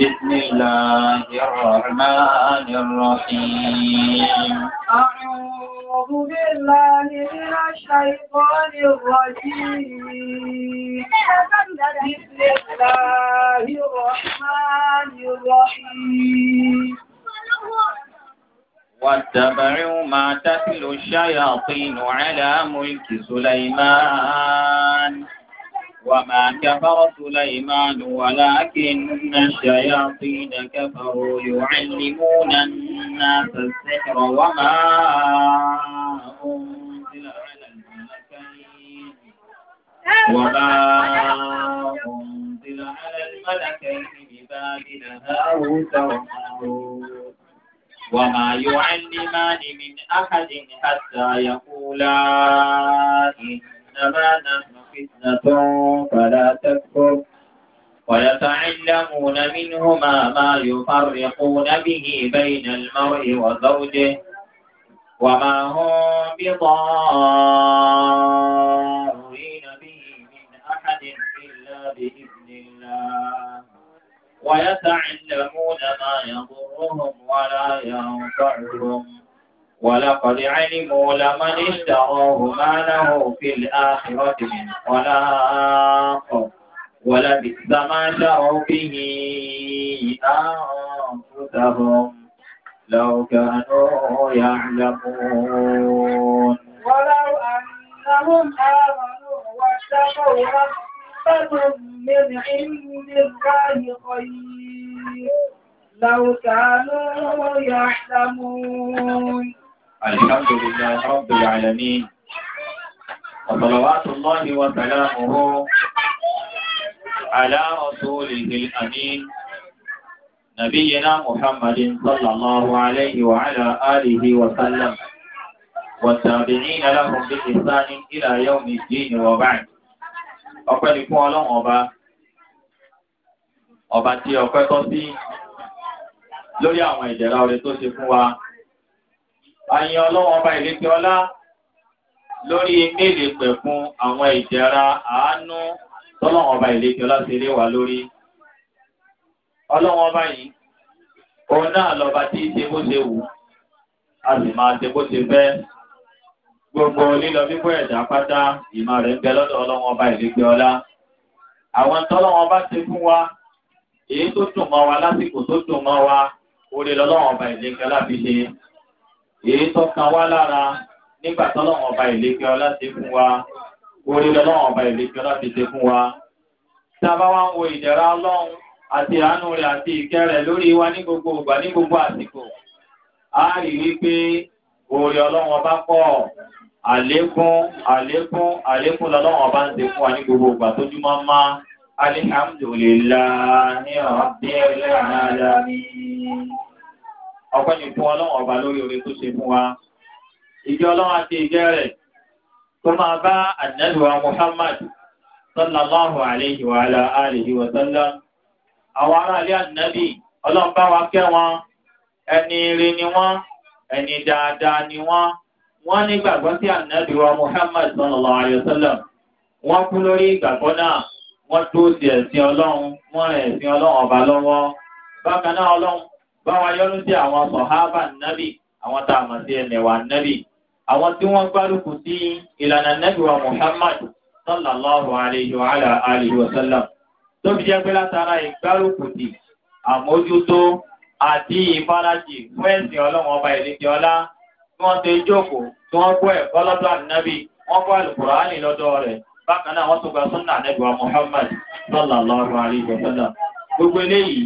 بسم الله الرحمن الرحيم أعوذ بالله من الشيطان الرجيم بسم الله الرحمن الرحيم واتبعوا ما تتلو الشياطين على ملك سليمان وما كفر سليمان ولكن الشياطين كفروا يعلمون الناس السحر وما أنزل على الملكين وما أنزل على الملكين ببابل هاروت وما يعلمان من أحد حتى يقولا إنما نحن فتنة فلا تكفر ويتعلمون منهما ما يفرقون به بين المرء وزوجه وما هم بضارين به من أحد إلا بإذن الله ويتعلمون ما يضرهم ولا ينفعهم ولقد علموا لمن اشتراه ما له في الآخرة من خلاق ولبئس ما شروا به أنفسهم لو كانوا يعلمون ولو أنهم آمنوا واتقوا ربهم من عند الله خير لو كانوا يعلمون الحمد لله رب العالمين وصلوات الله وسلامه على رسوله الأمين نبينا محمد صلى الله عليه وعلى آله وسلم والتابعين لهم بإحسان إلى يوم الدين وبعد ọpẹ́ ni fún أبا ọba ọba tí ọpẹ́ tọ́ sí lórí àwọn ìdẹ̀ra àyàn ọlọ́wọ́n ọba ìlékè ọlá lórí méèlì pẹ̀ fún àwọn ìjẹra àánú tọ́lọ́wọ́n ọba ìlékè ọlá ti lé wa lórí. ọlọ́wọ́n ọba yìí òun náà lọ́ba tí í ṣe bó ṣe wù a sì máa ṣe bó ṣe fẹ́. gbogbo lílọ bíbọ̀ ẹ̀dá pátá ìmọ̀ rẹ̀ ń bẹ lọ́dọ̀ ọlọ́wọ́n ọba ìlékè ọlá. àwọn tọ́lọ́wọ́n bá ṣe fún wa èyí tó dùn mọ́ wa lásìkò tó dùn mọ́ wa orí ọba ìlékè ọlá fi ṣe èyí tó kan wá lára nígbà tọ́lọ́wọ́n ọba ìlékè ọlá ti fún wa orí lọ́wọ́n ọba ìlékè ọlá ti ṣe fún wa. tá a bá wá ń wo ìdẹ̀ra ọlọ́run àti àánú rẹ̀ àti ìkẹ́ rẹ̀ lórí wa ní gbogbo ìgbà ní gbogbo àsìkò a rí i pé orí ọlọ́run ọba pọ̀ àlékún àlékún àlékún lọ́lọ́run ọba ń ṣe fún wa ní gbogbo ìgbà tójúmọ́ máa. Alhamdulillahi Rabbil alamin ọpẹ́ ni fún ọlọ́run ọba lórí oore tó ṣe fún wa ìjọ ọlọ́run àti ìjẹ rẹ̀ tó máa bá àdínàlùwà Muhammad sallallahu alayhi wa ala alihi wa sallam àwọn aráàlú àdínàbì ọlọ́run bá wa kẹ́ wọn ẹni rí ni wọ́n ẹni dáadáa ni wọ́n wọ́n ní gbàgbọ́ sí àdínàlùwà Muhammad sallallahu alayhi wa sallam kú lórí ìgbàgbọ́ náà wọ́n tó ti ẹ̀sìn ọlọ́run wọ́n ẹ̀sìn ọlọ́run ọba lọ́wọ́ bákan náà ọlọ́run báwa yọ́nú sí àwọn sọ̀hábà nábì àwọn tá a mọ̀ sí ẹnẹ̀ wa nábì àwọn tí wọ́n gbárùkù sí ìlànà nábì wa Muhammad sallallahu alayhi wa ala alihi wa sallam tó fi jẹ́ pé látara ìgbárùkù sí àmójútó àti ìfarajì fún ẹ̀sìn ọlọ́run ọba ìlẹ́kì ọlá tí wọ́n ti jókòó tí wọ́n kó ẹ̀kọ́ lọ́dọ̀ ànábì wọ́n kó àlùkùránì lọ́dọ̀ rẹ̀ bákan náà wọ́n tún gba súnà ànábì wa Muhammad sallallahu alayhi wa sallam gbogbo eléyìí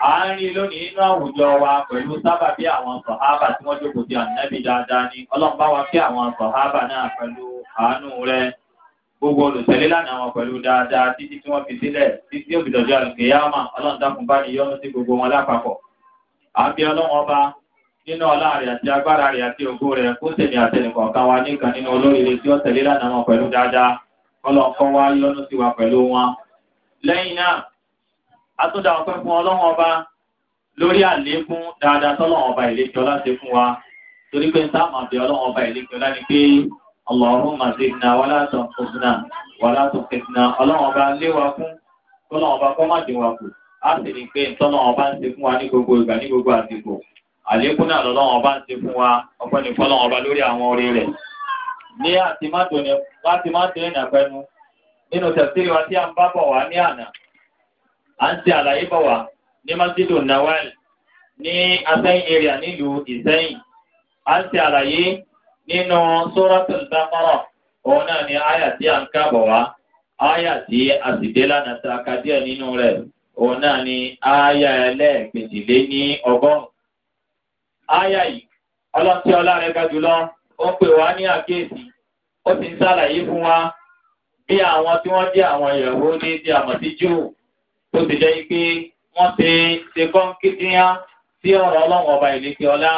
a ń rí lónìí nínú àwùjọ wa pẹ̀lú sábà bí àwọn sọ̀hábà tí wọ́n jókòó di ànábì dáadáa ni ọlọ́run bá wa kí àwọn sọ̀hábà náà pẹ̀lú àánú rẹ gbogbo olùtẹ̀lé lánàá wọn pẹ̀lú dáadáa títí tí wọ́n fi sílẹ̀ títí òbítọ́jọ́ àlùkèyàmà ọlọ́run dákun bá ní yọ́nú sí wọn lápapọ̀. àbí nínú ọlá rẹ̀ àti agbára rẹ̀ àti rẹ̀ kó àtẹnìkọ̀ọ̀kan wa àtúndà ọpẹ́ fún ọlọ́run ọba lórí àlékún dáadáa tọ́lọ́run ọba ìlẹ́kẹ́ ọlá ṣe fún wa torí pé sáà máa bẹ ọlọ́run ọba ìlẹ́kẹ́ ọlá ni pé Allahumma zidna wala tanqusna wala tuqitna ọlọ́run ọba lé wa fún tọ́lọ́run ọba kọ́ má dín wa kù á sì ní pé tọ́lọ́run ọba ń ṣe fún wa ní gbogbo ìgbà ní gbogbo àsìkò àlékún náà lọ́lọ́run ọba ń ṣe fún wa ọpẹ́ ní fọ́lọ́run ọba lórí àwọn orí rẹ̀ ní àti má dùn ní láti má dùn ní àpẹnu nínú tẹ̀síwájú tí a ń bá bọ̀ wá ní àná à ń ṣe àlàyé bọ̀ wá ní masidu nawal ní asẹ́yìn area nílùú ìsẹ́yìn à ń ṣe àlàyé nínú suratul baqara òun náà ni àyà tí a ń kábọ̀ wá àyà tí a sì dé lánàá tá a ka díẹ̀ nínú rẹ̀ òun náà ni àyà ẹlẹ́ẹ̀kejìlé ní ọgọ́rùn-ún. àyà yìí ọlọ́tí ọlá rẹ̀ ga jùlọ ó pè wá ní àkíyèsí ó ti ń ṣàlàyé fún wa bí àwọn tí wọ́n jẹ́ àwọn Yahudi tí a mọ̀ sí Júù tó ti jẹ́ pé wọ́n ti ṣe kọ́ńkídíá sí ọ̀rọ̀ ọlọ́run ọba ìlẹ́kẹ̀ ọlá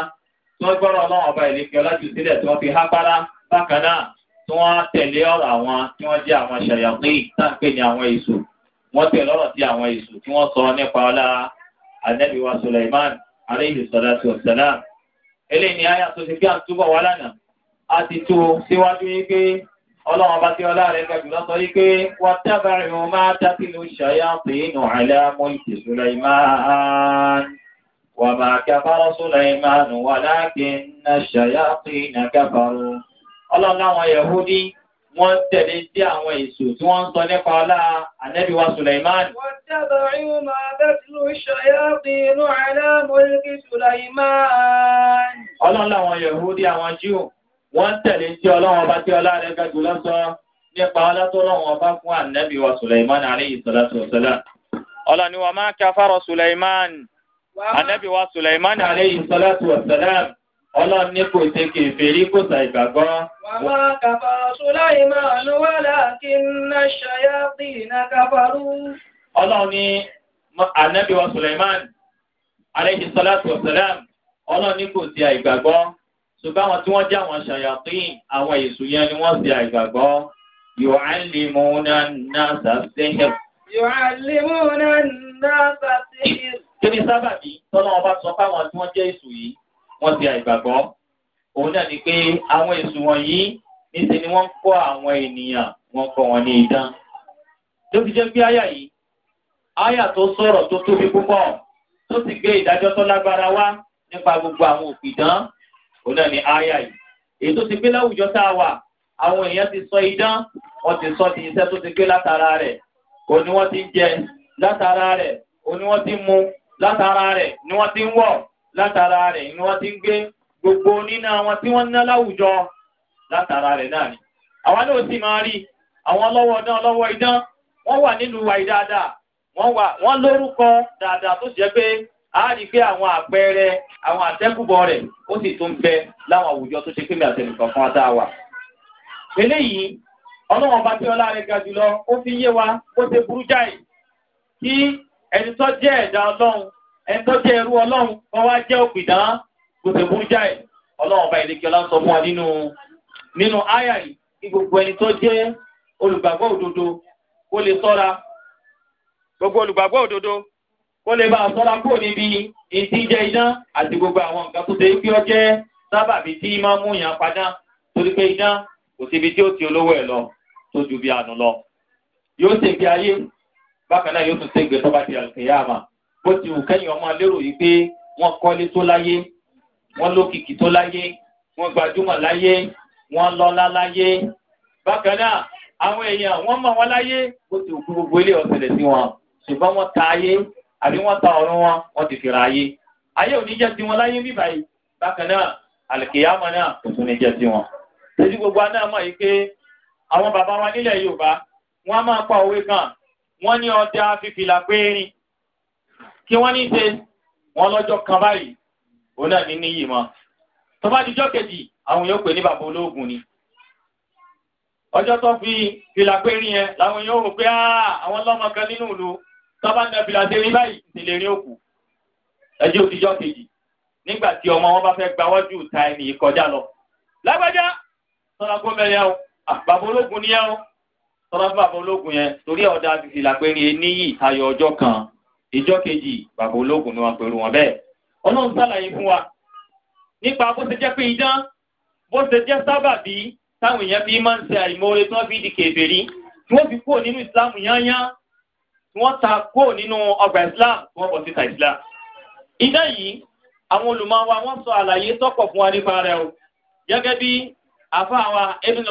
tí wọ́n gbọ́rọ̀ ọlọ́run ọba ìlẹ́kẹ̀ ọlá jù sílẹ̀ tí wọ́n fi hápárá bákan náà tí wọ́n tẹ̀lé ọ̀rọ̀ àwọn tí wọ́n jẹ́ àwọn ṣàyàpé táǹpé ní àwọn èso wọ́n tẹ̀lé ọ̀rọ̀ sí àwọn èso tí wọ́n sọ nípa ọlá Ànábì wa Sulaiman alayhi salatu wassalam eléyìí ni àyà ọlọ́run bá tí ọlá rẹ̀ gbẹ̀gbẹ̀ lọ́sọ yìí pé wà tábàrì wọn máa tàbí ló ṣàyàpé nù àlàmú ìṣe Sulaiman wà máa kẹfàrọ̀ Sulaiman wà láàgbé nà ṣàyàpé nà kẹfàrọ̀. ọlọ́run láwọn Yahudi wọ́n tẹ̀lé sí àwọn èso tí wọ́n ń sọ nípa ọlá ànábì wa Sulaiman. wà tábàrì wọn máa tàbí ló ṣàyàpé nù àlàmú ìṣe Sulaiman. ọlọ́run láwọn Yahudi àwọn wọ́n tẹ̀lé tí ọlọ́run ọba tí ọlá rẹ̀ gàdú lọ́sọ nípa ọlá tó lọ́run ọba fún ànábì wa Sulaiman alayhi salatu wa salam. ọlọ́ni wa ma kafara Sulaiman ànábì wa Sulaiman alayhi salatu wa salam ọlọ́run ní kò ṣe kèfèrí kò sà ìgbàgbọ́. wàmà kàfà Sulaiman walakinna shayatina kafaru. ọlọ́run ní ànábì wa Sulaiman alayhi salatu wa salam ọlọ́run ní kò ṣe àìgbàgbọ́ ṣùgbọ́n àwọn tí wọ́n jẹ́ àwọn ṣàyàpín àwọn èṣù yẹn ni wọ́n ṣe àìgbàgbọ́ yóò á lè mú náà sàṣẹ́yẹ̀. yóò á lè mú náà sàṣẹ́yẹ̀. kí ni sábàbí tọ́lá wọn bá sọ fáwọn tí wọ́n jẹ́ èṣù yìí wọ́n ṣe àìgbàgbọ́ òun náà ni pé àwọn èṣù wọ̀nyí níṣẹ́ ni wọ́n ń kọ́ àwọn ènìyàn wọ́n kọ́ wọn ní idán. ló fi jẹ́ pé àyà yìí àyà tó sọ̀rọ̀ tó tóbi púpọ̀ tó sì gbé ìdájọ́ tó lágbára wá nípa gbogbo àwọn òpìdán òun náà ni ááyà yìí èyí tó ti gbé láwùjọ tá a wà àwọn èèyàn ti sọ idán wọ́n ti sọ ti iṣẹ́ tó ti gbé látara rẹ̀ òun ni wọ́n ti jẹ látara rẹ̀ òun ni wọ́n ti mu látara rẹ̀ ni wọ́n ti ń wọ̀ látara rẹ̀ ni wọ́n ti ń gbé gbogbo nínú àwọn tí wọ́n ná láwùjọ látara rẹ̀ náà ni àwa náà sì máa rí àwọn ọlọ́wọ́ ọdán ọlọ́wọ́ idán wọ́n wà nílùú wa yìí dáadáa wọ́n lórúkọ dáadáa tó ṣe pé a rí i pé àwọn àpẹẹrẹ àwọn àtẹ́kùbọ̀ rẹ̀ ó sì tún bẹ láwọn àwùjọ tó ṣe pé mi àtẹnìkan fún ata wa. eléyìí ọlọ́wọ́n bá tí ọlá rẹ̀ ga jùlọ ó fi yé wa bó ṣe burú jáì kí ẹni tó jẹ́ ẹ̀dá ọlọ́run ẹni tó jẹ́ ẹrú ọlọ́run kan wá jẹ́ òpìdán bó ṣe burú jáì ọlọ́wọ́n bá ìdíkì ọlá ń sọ fún wa nínú nínú áyà yìí kí gbogbo ẹni tó jẹ́ olùgbàgbọ́ òdodo kó lè sọ́ra gbogbo olùgbàgbọ́ òdodo kó lè bá sọ́ra kúrò níbi ìdíjẹ iná àti gbogbo àwọn nǹkan tó ṣe pé ó jẹ́ sábàbí tí máa mú yàn padà torí pé iná kò síbi tí ó ti olówó ẹ̀ lọ tó ju bí àánú lọ. yóò ṣe bí ayé bákan náà yóò tún ṣe gbé tọ́ba ti àlùkìyámà bó ti wù kẹ́yìn ọmọ lérò yìí pé wọ́n kọ́lé tó láyé wọ́n lókìkí tó láyé wọ́n gbajúmọ̀ láyé wọ́n lọ́lá láyé bákan náà àwọn èèyàn wọ́n mọ̀ wọ́n láyé bó ti wù kú gbogbo ilé ọ̀sẹ̀ lẹ̀ sí wọn ṣùgbọ́n wọ́n ta ayé àbí wọ́n ta ọ̀run wọn wọ́n ti fìrà ayé ayé ò ní jẹ́ tiwọn láyé bíbá yìí bákan náà àlìkèyàmọ náà kò tún ní jẹ́ tiwọn. lójú gbogbo aná mọ̀ yìí pé àwọn bàbá wa nílẹ̀ Yorùbá wọ́n á máa pa òwe kan wọ́n ní ọjà fífìlà péérin kí wọ́n ní ṣe wọ́n lọ́jọ́ kan báyìí òun náà ní níyì mọ́. tó bá dijọ́ kejì àwọn yóò pè ní bàbá olóògùn ni ọjọ́ tó fi fìlà péérin yẹn làwọn yóò rò pé àwọn lọ́mọ kan nínú ìlú tọ́ba nàbìlà ṣe rí báyìí ìṣẹ̀lẹ̀ rí òkú ẹjọ́ òtijọ́ kejì nígbà tí ọmọ wọn bá fẹ́ gbawọ́jú ta ẹni yìí kọjá lọ. lágbájá sọ̀rọ̀ gómìnà yẹn o bàbá ológun ni yẹn o sọ̀rọ̀ bàbá ológun yẹn torí ọ̀dà àtìsí làpẹ́rì níyì ayọ̀ ọjọ́ kan ìjọ kejì bàbá ológun ni wọ́n pẹ̀lú wọn bẹ́ẹ̀. ọlọ́run sàlàyé fún wa nípa bó ṣe jẹ́ pé idán bó ṣe jẹ́ sábàbí táwọn èèyàn fi máa ń ṣe àìmọ́re wọ́n ta kó nínú ọgbà islam wọ́n bọ̀ síta islam. iná yìí àwọn wa wọ́n sọ àlàyé tọ́pọ̀ fún wa nípa o gẹ́gẹ́ bí àfáà wa ibn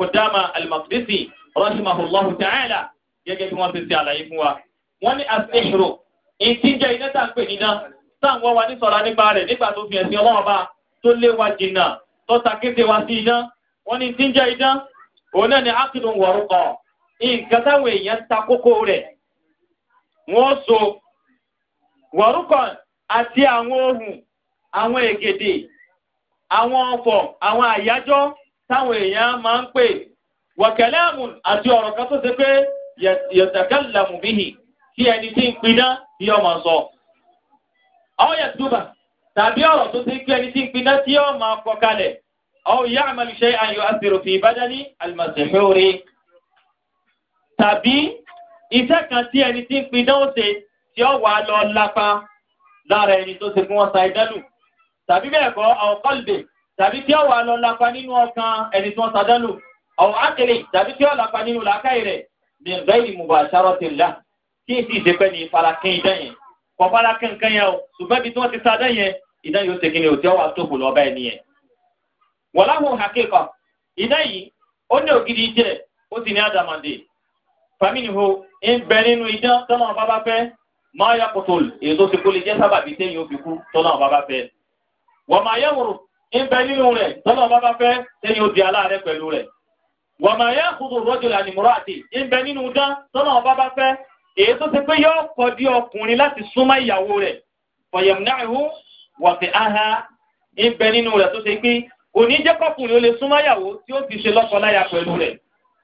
Qudama al-Maqdisi rahimahullahu gẹ́gẹ́ bí wọ́n ti ṣe fún wa. wọ́n ní iná tá à ń pè níná wa nípa rẹ̀ nígbà tó fi ẹ̀sìn ọlọ́run bá tó lé wa jìnnà tó ta kété wa sí iná wọ́n ní iná òun ni wọ̀rùkọ̀ wọ́n so wọ̀rúkọ̀ àti àwọn ohun àwọn ègèdè àwọn ọ̀fọ̀ àwọn àyájọ́ táwọn èèyàn máa ń pè wọ̀kẹ̀lẹ́mù àti ọ̀rọ̀ kan tó ṣe pé yẹ̀tẹ̀kẹ́lẹ̀mù bíhì tí ẹni tí ń piná tí ọmọ sọ. ọ̀ túbà tàbí ọ̀rọ̀ tó ṣe pé ẹni tí ń piná tí ọmọ kọ kalẹ̀ ọ̀ àmàlùṣe àyọ̀ àṣírò fi ìbádání àlùmọ̀ṣẹ̀fẹ́ orí tàbí iṣẹ́ kan tí ẹni tí ń pin náà ṣe tí ó wàá lọ lápá lára ẹni tó ṣe fún wọn sa idánù tàbí bẹ́ẹ̀ kọ́ àwọn kọ́lùdè tàbí tí ó wàá lọ lápá nínú ọkàn ẹni tí wọ́n sa dánù àwọn ákèlè tàbí tí ó lápá nínú làákàyè rẹ̀ ní ìgbà yìí bá aṣáró ti là kí n sì ṣe pé ní ìfarakín idán yẹn kọ farakín nǹkan yẹn o ṣùgbọ́n ibi tí wọ́n ti sa yẹn idán yóò ṣe kí ni ò tí ó wàá tóbù lọ́ọ́ bẹ́ẹ̀ nìyẹn. wọ́n fàmínìhó ń bẹ nínú idán tọ́nà ọba bá fẹ́ máa yà kòtòl èyí tó ti kó lè jẹ́ sábàbí téèyàn fi kú tọ́nà ọba bá fẹ́ wọ́n máa yẹ̀wòrò ń bẹ nínú rẹ̀ tọ́nà ọba bá fẹ́ téèyàn di aláàárẹ̀ pẹ̀lú rẹ̀ wọ́n máa yẹ kótó rọ́jòlá nìmúrọ̀ àti ń bẹ nínú idán tọ́nà ọba bá fẹ́ èyí tó ti pé yọ ọkọ̀ di ọkùnrin láti súnmọ́ ìyàwó rẹ̀ fọ̀yẹ̀mùnáìhù wọ̀tẹ̀ áhà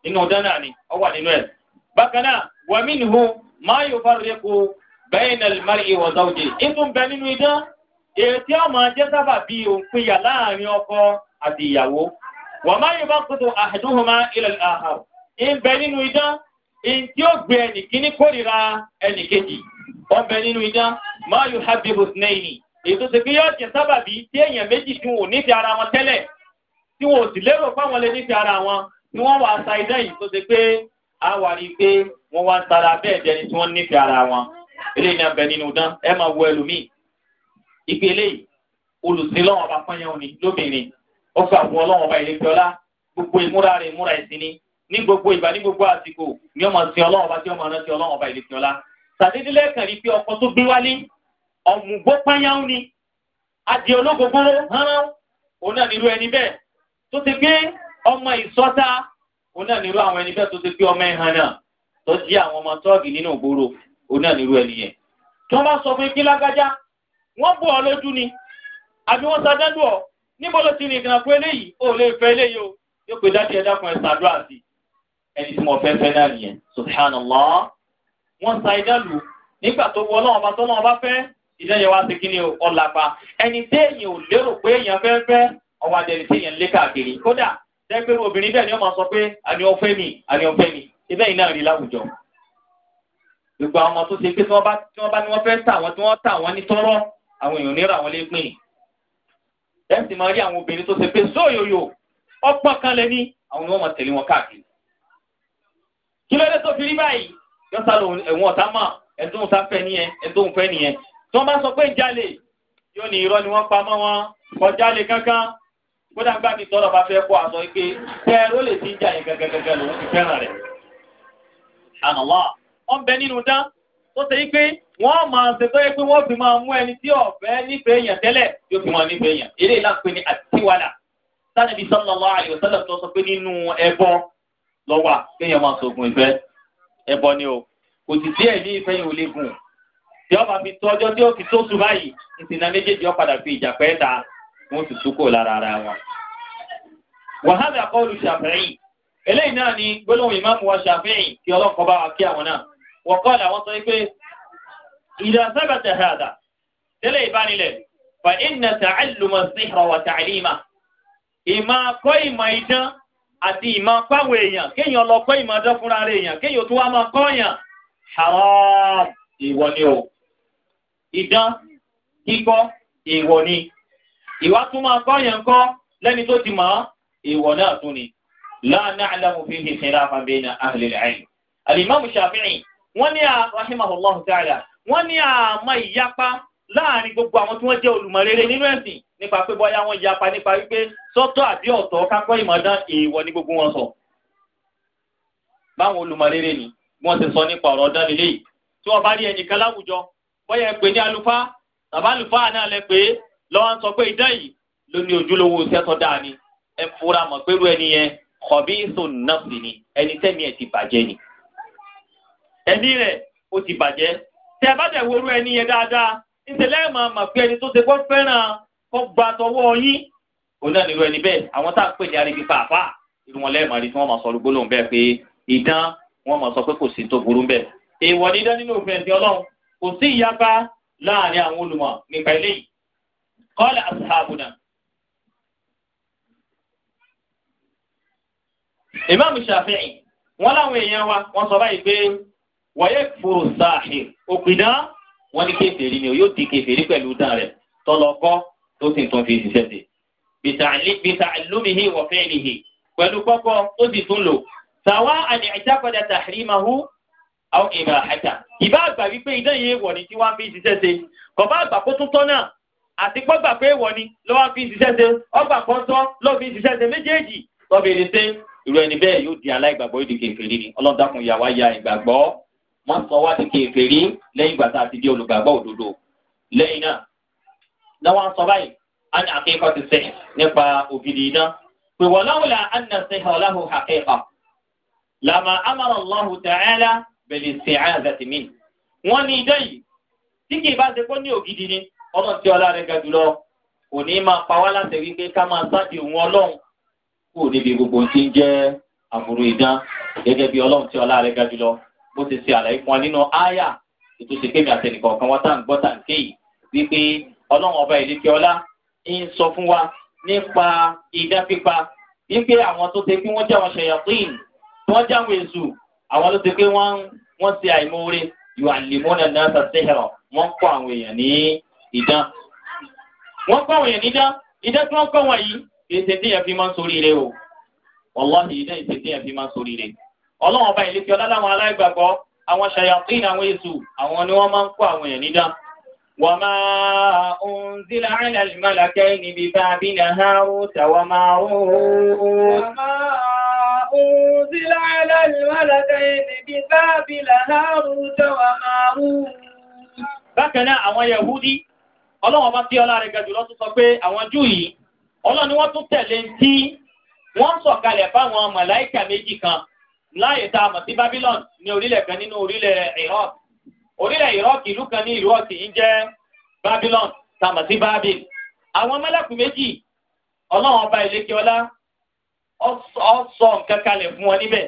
ń ni ó wà nínú bákan náà wa minhu ma yufarriqu bayna al-mar'i wa zawji. ìtún bẹ nínú idán ètí ọmọ ajé sábà bíi òǹpinya láàrin ọkọ àti ìyàwó wa ma yubaghidu ahaduhuma ila al-akhar. ìbẹ nínú idán ìtí ó gbé ẹnìkíní kórìíra ẹnìkejì ọbẹ̀ nínú idán ma yuhabbibu ithnaini ètò ìsìnkú yóò jẹ sábàbí tí èèyàn méjì tí wọn ní ti ara wọn tẹ́lẹ̀ A wà rí i pé wọ́n wá ń tara bẹ́ẹ̀ jẹ́ni tí wọ́n nífẹ̀ẹ́ ara wọn eléyìí náà bẹ nínú dán ẹ máa wo ẹlòmíì ìpè eléyìí olùsìn lọ́wọ́n bá pọ́nyẹ́ òní lóbìnrin ó fà fún ọlọ́wọ́n bá ìrètí ọlá gbogbo ìmúra rẹ̀ ìmúra ẹ̀sìn ni ní gbogbo ìgbà ní gbogbo àsìkò ni ọmọ sin ọlọ́wọ́n bá tí ọmọ rántí ọlọ́wọ́n bá ìrètí ọlá sàdédé lẹ́ẹ̀kan rí pé ọkọ tó gbé wálé ọ̀mùgbó pọ́nyẹ́ òní adìẹ ológógó hán òun náà nílò ẹni bẹ́ẹ̀ tó ti gbé ọmọ ìsọ́ta òun náà nírú àwọn ẹni bẹ́ẹ̀ tó ti pé ọmọ ẹ̀hán náà tó jí àwọn ọmọ tọ́ọ̀gì nínú ìgboro òun náà nírú ẹni yẹn. tí wọ́n bá sọ fún ikí lágájá wọ́n bù ọ lójú ni àbí wọ́n ọ níbo ló ti rìn fún o yóò pè dájú ẹ̀dá fún ẹ̀sán àdúrà sí ẹni tí mo fẹ́ fẹ́ náà nìyẹn subhanallah wọ́n sa lù nígbà tó jẹ́ pé obìnrin bẹ́ẹ̀ ni wọ́n máa sọ pé àní ọ̀fẹ́ mi àní ọ̀fẹ́ mi ibẹ̀ yìí náà rí láwùjọ. gbogbo àwọn ọmọ tó ṣe pé tí wọ́n bá tí wọ́n bá ní wọ́n fẹ́ tà wọ́n tí wọ́n tà wọ́n ní tọ́rọ́ àwọn èèyàn nírà wọn lé pín. ẹ sì máa rí àwọn obìnrin tó ṣe pé sóòyòyò ọgbọ́n kan lẹ ní àwọn ni wọ́n máa tẹ̀lé wọn káàkiri. kí ló dé tó fi rí báyìí yọ́sà lòun ẹ̀wọ̀n ọ̀tá mọ̀ ẹ̀dóhùn tá fẹ́ nìyẹn ẹ̀dóhùn fẹ́ nìyẹn tí wọ́n bá sọ pé jalè yóò ní ni wọ́n pa mọ́ wọn kọjá lè kódà ń bá mi tọrọ bá fẹ́ kó aṣọ ike pé lè ti jà yẹn gẹ́gẹ́gẹ́gẹ́ lòun ti fẹ́ràn rẹ̀. ànàlá wọn bẹ nínú dán tó ṣe yìí pé wọn máa ṣe tó yẹ pé fi máa mú ẹni tí ọ̀fẹ́ nífẹ̀ẹ́ tẹ́lẹ̀ fi máa nífẹ̀ẹ́ yẹn eré ìlànà tó sọ pé nínú ẹbọ kéèyàn máa ẹbọ ni o kò sì sí yìí ò lè gùn tí ọba fi tí ó fi tó sùn báyìí wọn sì tú kò lára ara wọn. wàhálà kọlu ṣàfẹ́yìn eléyìí náà ni gbólóhùn ìmáàmù wa ṣàfẹ́yìn tí ọlọ́kọ̀ bá wa kí àwọn náà wọ́n kọ́ làwọn sọ pé ìdásẹ́bẹ̀tẹ̀ hàdà tẹ́lẹ̀ ìbánilẹ̀ fa inna ta'alluma sihra wa ta'lima ìmọ̀ akọ́ ìmọ̀ idán àti ìmọ̀ pàwọn èèyàn kéèyàn lọ kọ́ ìmọ̀ idán fúnra rẹ̀ èèyàn kéèyàn tó wá máa kọ́ èèyàn haram ìwọ ni o idán kíkọ́ ìwọ ni ìwà tún máa kọ́ yẹn kọ́ lẹ́ni tó ti mọ̀ ọ́ ìwọ náà tún ni la na'lamu fihi khilafan bayna ahli al-'ilm. al-Imam Shafi'i wọ́n ní rahimahullahu ta'ala wọ́n ní àmọ́ ìyapa láàrin gbogbo àwọn tí wọ́n jẹ́ olùmọ̀rere nínú ẹ̀sìn nípa pé bóyá wọ́n yapa nípa wípé sọ́tọ̀ àbí ọ̀tọ̀ kákọ́ ìmọ̀dán èèwọ̀ ní gbogbo wọn sọ. báwọn olùmọ̀rere ni wọ́n ti sọ nípa ọ̀rọ̀ ọ̀dán lélẹ́yìí tí wọ́n bá rí ẹnìkan láwùjọ bóyá ẹ pè ní àlùfáà bàbá àlùfáà náà lẹ pé lọ́wọ́ ń sọ pé idán yìí ló ní ojúlówó sẹ́tọ́ dáa ni ẹ fura mọ̀ pé ẹni yẹn kọ̀bí ìsùn náà sì ni ẹni tẹ́mi ẹ̀ ti bàjẹ́ ni ẹ̀mí rẹ̀ ó ti bàjẹ́ tẹ́ ẹ bá dẹ̀ worú ẹni yẹn dáadáa ìṣẹ̀lẹ̀ ẹ̀ máa mọ̀ pé ẹni tó ṣe kọ́ fẹ́ràn kọ́ gba tọwọ́ yín òun náà nírú ẹni bẹ́ẹ̀ àwọn tá à ń pè ní aríbi pàápà irú wọn lẹ́ẹ̀mọ́ rí tí wọ́n máa sọ gbólóhùn bẹ́ẹ̀ pé idán wọ́n máa sọ pé kò sí tó burú bẹ́ẹ̀ èèwọ̀ ní nínú òfin ẹ̀sìn ọlọ́run kò sí ìyapa láàrin àwọn olùmọ̀ nípa eléyìí قال أصحابنا Imam Shafi'i wọn làwọn èèyàn wa wọn sọ báyìí pé wọ́yẹ̀ fòrò sáàhì òpìdán wọn ní kèfèrí ni yóò di kèfèrí pẹ̀lú dàn rẹ̀ tọlọ́kọ́ tó sì tún fi ṣiṣẹ́ sí. bìtà àlùmíhì wọ̀fẹ́ nìhì pẹ̀lú kọ́kọ́ ó sì tún lò. sàwa àni àjàkọ̀dà tàhírímàhù àwọn ìbá àjà. ìbá àgbà wípé idán yẹn wọ̀ ní tí wọ́n fi ṣiṣẹ́ sí. kọ̀bá àgbà kó tún tọ́ náà àti pọ́gbà pé ìwọ ni lọ́wọ́ fi ṣiṣẹ́ ṣe ọgbà pọ́ńtọ́ lọ́wọ́ fi ṣiṣẹ́ ṣe méjèèjì lọ́wọ́ èdè ṣe ìrọ̀ ẹni bẹ́ẹ̀ yóò di aláìgbàgbọ́ yóò di kèfèrí ni ọlọ́dàkùn yàwá ya ìgbàgbọ́ wọ́n sọ wá di kèfèrí lẹ́yìn ìgbà tá a ti di olùgbàgbọ́ òdodo lẹ́yìn náà lọ́wọ́ sọ báyìí á ní akẹ́kọ̀ọ́ ti sẹ́ nípa ògidì iná pé wọ́n láwọn là á ní idẹ́ tí kì í bá ṣe kó ní ògidì ni ọlọ́run tí ọlá rẹ̀ ga jùlọ kò ní máa pa wá láti wípé ká máa sáàdì òun ọlọ́run kò níbi gbogbo tí ń jẹ́ àbúrò idán gẹ́gẹ́ bí ọlọ́run tí ọlá rẹ̀ ga jùlọ bó ti ṣe àlàyé fún wa nínú àyà ètò ìṣèkémi àtẹnìkọ̀ kan wá tá à ń gbọ́ tá à ń ké yìí wípé ọlọ́run ọba ìlékè ọlá ń sọ fún wa nípa idán pípa wípé àwọn tó ṣe pé wọ́n jẹ́ àwọn ṣẹ̀yàpín wọ́n jáwé èṣù àwọn ló ṣe pé wọ́n ń wọ́n ṣe yóò àlèmọ́ náà náà ṣàṣẹ́hẹ̀rọ̀ wọ́n kọ́ àwọn èèyàn ní ìdán wọ́n kọ́ wọ̀nyẹn nídán ìdán tí wọ́n kọ́ wọ̀nyí èsì tí yẹn fi máa ń sórí rẹ o wàláhì ìdán èsì tí yẹn fi máa ń sórí rẹ ọlọ́wọ́n ọba ìlẹ́kẹ́ ọlọ́láwọn aláìgbàgbọ́ àwọn ṣàyàpín àwọn èṣù àwọn ni wọ́n máa ń kọ́ àwọn yẹn nídán وما أنزل على الملكين ببابل هاروت وماروت وما أنزل على الملكين ببابل هاروت وماروت bákan náà àwọn yahudi ọlọ́wọ́n bá tí ọlá rẹ̀ ga jùlọ tún sọ pé àwọn júù yìí ọlọ́ni wọ́n tún tẹ̀lé tí wọ́n sọ̀kalẹ̀ fáwọn màláìkà méjì kan láàyè tá a mọ̀ sí Babylon ní orílẹ̀ kan nínú orílẹ̀ Iraq orílẹ̀ Iraq ìlú kan ní ìlú ọ̀sìn ń jẹ́ Babylon tá a mọ̀ sí Babil àwọn mẹ́lẹ́kù méjì ọlọ́wọ́n ọba ìlékè ọlá ọ̀sọ̀ nǹkan kalẹ̀ fún wọn níbẹ̀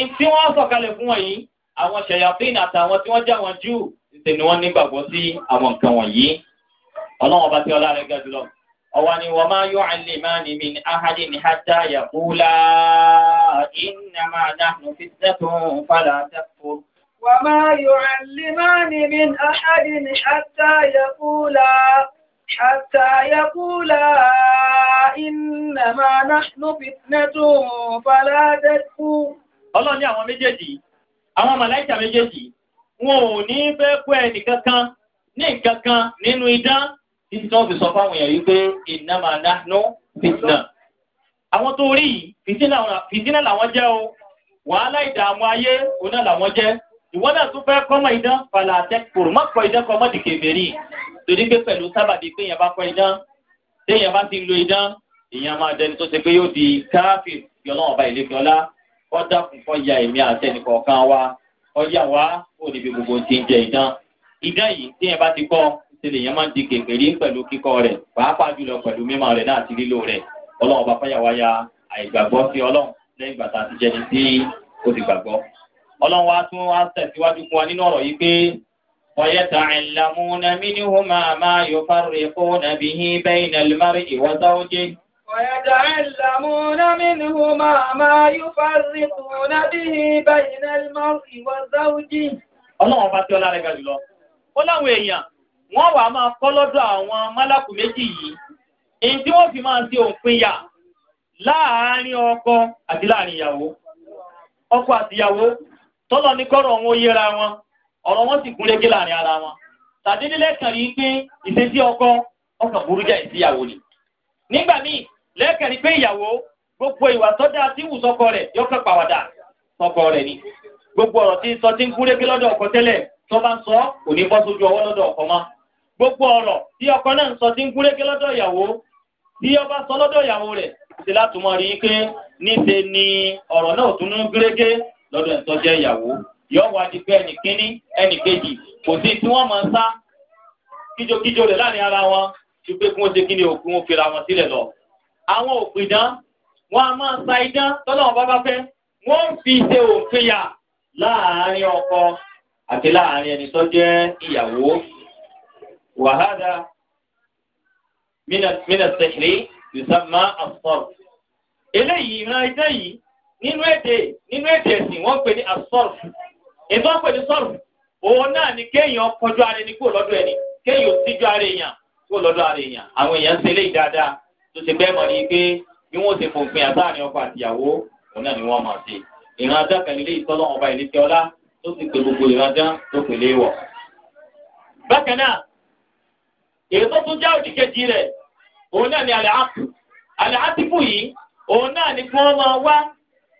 ìtí wọ́n sọ̀kalẹ̀ fún wọn yìí àwọn ṣẹ̀yàfín àtàwọn tí wọ́n jẹ́ àwọn Júù ìṣèlú wọn nígbàgbọ́ sí àwọn nǹkan wọ̀nyí ọlọ́run ọba tí ọlá rẹ̀ ga jùlọ ọwọ́ ni wa ma yu'allimani min ahadin hatta yaqula innama nahnu fitnatun fala takfur. wa ma yu'allimani min ahadin hatta yaqula حتى يقولا إنما نحن فتنة فلا تكفر ọlọ́run ní àwọn méjèèjì àwọn màláìkà méjèèjì wọn ò ní fẹ́ kó ẹnìkankan ní nǹkankan nínú idán títí tí wọ́n fi sọ fáwọn èèyàn yìí pé innama nahnu fitna àwọn tó rí yìí fìtínà làwọn jẹ́ o wàhálà ìdààmú ayé òun náà làwọn jẹ́ ìwọ́n náà tún fẹ́ kọ́mọ idán fàlà àtẹ́kùrù má kọ́ idán kọ́mọ dìkè mẹ́rì torí pé pẹ̀lú sábàbí pé èèyàn bá kọ́ idán téèyàn bá ti lo idán èèyàn máa dẹni tó ṣe pé yóò di káfí yọlọ́ ọba ìlẹ́kọ̀ọ́lá kọ́dà fún kọ́ya ẹ̀mí àtẹnìkọ̀ọ̀kan wa kọ́ya wa ó níbi gbogbo ti ń jẹ idán idán yìí ṣe lèyàn máa ń di kèfèrí pẹ̀lú kíkọ rẹ̀ pàápàá jùlọ pẹ̀lú mímọ̀ rẹ̀ náà àti lílo rẹ̀ ọlọ́run ọba fáyàwá ya àìgbàgbọ́ sí ọlọ́run lẹ́yìn ìgbà tá a ti jẹni tí ó ti gbàgbọ́. ọlọ́run wa tún wá tẹ̀síwájú fún wa nínú ọ̀rọ̀ yìí pé ويتعلمون منهما ما يفرقون به بين المرء وزوجه ويتعلمون منهما ما يفرقون به بين ọlọ́run ọba tí ọlá rẹ̀ ga jùlọ ó láwọn èèyàn wọ́n wà máa kọ́ lọ́dọ̀ àwọn málàkù méjì yìí èyí tí wọ́n fi máa ṣe òpinya láàárín ọkọ àti láàárín ìyàwó ọkọ àti ìyàwó tọ́lọ ní kọ́rọ̀ wọn yẹra wọn ọ̀rọ̀ wọn sì gúnrégé láàrin ara wọn tàbí pé ọkọ burú ni nígbà míì gbogbo ìwà tí wù rẹ̀ pàwàdà ni gbogbo ọ̀rọ̀ tí sọ ti ń lọ́dọ̀ ọkọ tẹ́lẹ̀ bá ń sọ kò ní bọ́ sójú gbogbo ọ̀rọ̀ tí ọkọ náà ń sọ tí ń gúnrégé lọ́dọ̀ ìyàwó tí ọba sọ lọ́dọ̀ ìyàwó rẹ̀ ṣe láti mọ̀ rí i pé níṣe ni ọ̀rọ̀ náà tún ń gúnrégé lọ́dọ̀ ìtọ́jẹ́ ìyàwó yọ wá di pé ẹnì kíní ẹnì kejì kò sí tí wọ́n máa ń sá kíjokíjo rẹ̀ láàrin ara wọn ju pé kí wọ́n ṣe kíni òkú wọn fira wọn sílẹ̀ lọ. àwọn òpìdán wọn a máa sa idán tọ́lọ́wọ́n bá bá fẹ́ wọ́n ń fi ṣe òǹfìyà láàrin ọkọ àti láàrin ẹni tó وهذا من من السحر يسمى الصرف eléyìí ìran ẹjẹ yìí nínú èdè nínú èdè ẹsìn wọn pè ní asọrf ìtọ́ pè ní sọrf òun náà ni kéèyàn kọjú ara ẹni kúrò lọ́dọ̀ ẹni kéèyàn síjú ara èèyàn kúrò lọ́dọ̀ ara èèyàn àwọn èèyàn ń ṣe eléyìí dáadáa tó ti bẹ́ẹ̀ mọ̀ ní pé bí wọ́n ṣe fòpin àtàrin ọkọ àtìyàwó òun náà ni wọ́n mọ̀ sí ìran ajá kan ilé ìtọ́lọ́wọ́n ọba ìlẹ́kẹ́ ọlá tó ti pè gbogbo ìran ajá tó pè léwọ̀. bákan náà èyí tó tún já òdì kejì rẹ̀ òun náà ni àlàáfù àlàáfù yìí òun náà ni kí wọ́n máa wá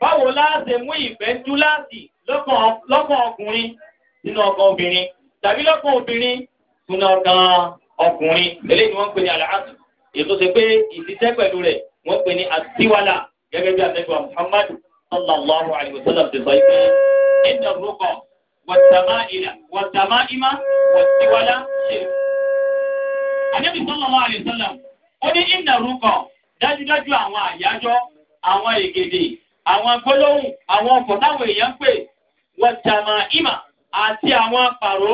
báwo láàṣẹ mú ìfẹ́ tú láàṣì lọ́kàn ọkùnrin sínú ọkàn obìnrin tàbí lọ́kàn obìnrin sínú ọkàn ọkùnrin eléyìí ni wọ́n ń pè ní àlàáfù èyí tó ṣe pé ìṣiṣẹ́ pẹ̀lú rẹ̀ wọ́n pè ní àtiwálà gẹ́gẹ́ bí àtẹ́gbà Muhammad sallallahu alayhi wa sallam ti sọ pé ẹ̀dá rúkọ̀ wọ̀tàmáìmá wọ̀tàmáìmá wọ̀tíwálá ṣe àdébì sallallahu alaihi wasallam ó ní ìnà rúkọ dájúdájú àwọn àyájọ́ àwọn ègèdè àwọn gbólóhùn àwọn ọkọ̀ táwọn èèyàn pè wọ́n tàmà ìmà àti àwọn pàró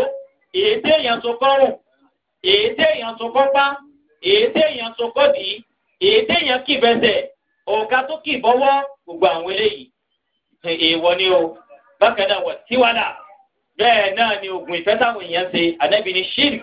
èédé èèyàn tó kọ́rùn èédé èèyàn tó kọ́pá èédé èèyàn tó kọ́dì èédé èèyàn kì bẹ́sẹ̀ ọ̀gá tó kì bọ́wọ́ gbogbo àwọn eléyìí èèwọ̀ ni o ni oògùn ìfẹ́ táwọn èèyàn ṣe ànábì ní ṣírk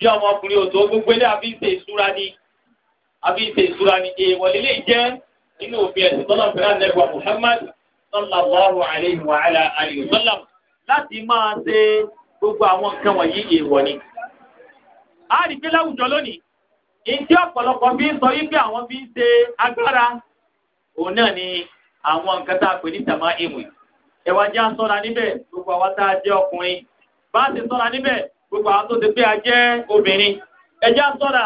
bí ọmọkùnrin òtò gbogbo ilé àfi ṣe ìṣúra ni àfi ṣe ìṣúra ni èèwọ̀ lílé jẹ́ nínú òfin ẹ̀sìn tọ́lá fẹ́ràn lẹ́gbà Muhammad sallallahu alayhi wa ala alihi wa sallam láti máa ṣe gbogbo àwọn nǹkan wọ̀nyí èèwọ̀ ni. a rí pé láwùjọ lónìí ìdí ọ̀pọ̀lọpọ̀ fi ń sọ yí àwọn fi ń ṣe agbára òun náà ni àwọn nǹkan tá a pè ní tàmá èèwọ̀ ẹ̀wà jẹ́ àṣọ́ra níbẹ̀ gbogbo àwọn tá gbogbo àwọn tó ti pé a jẹ́ obìnrin ẹjẹ́ àtọ́ra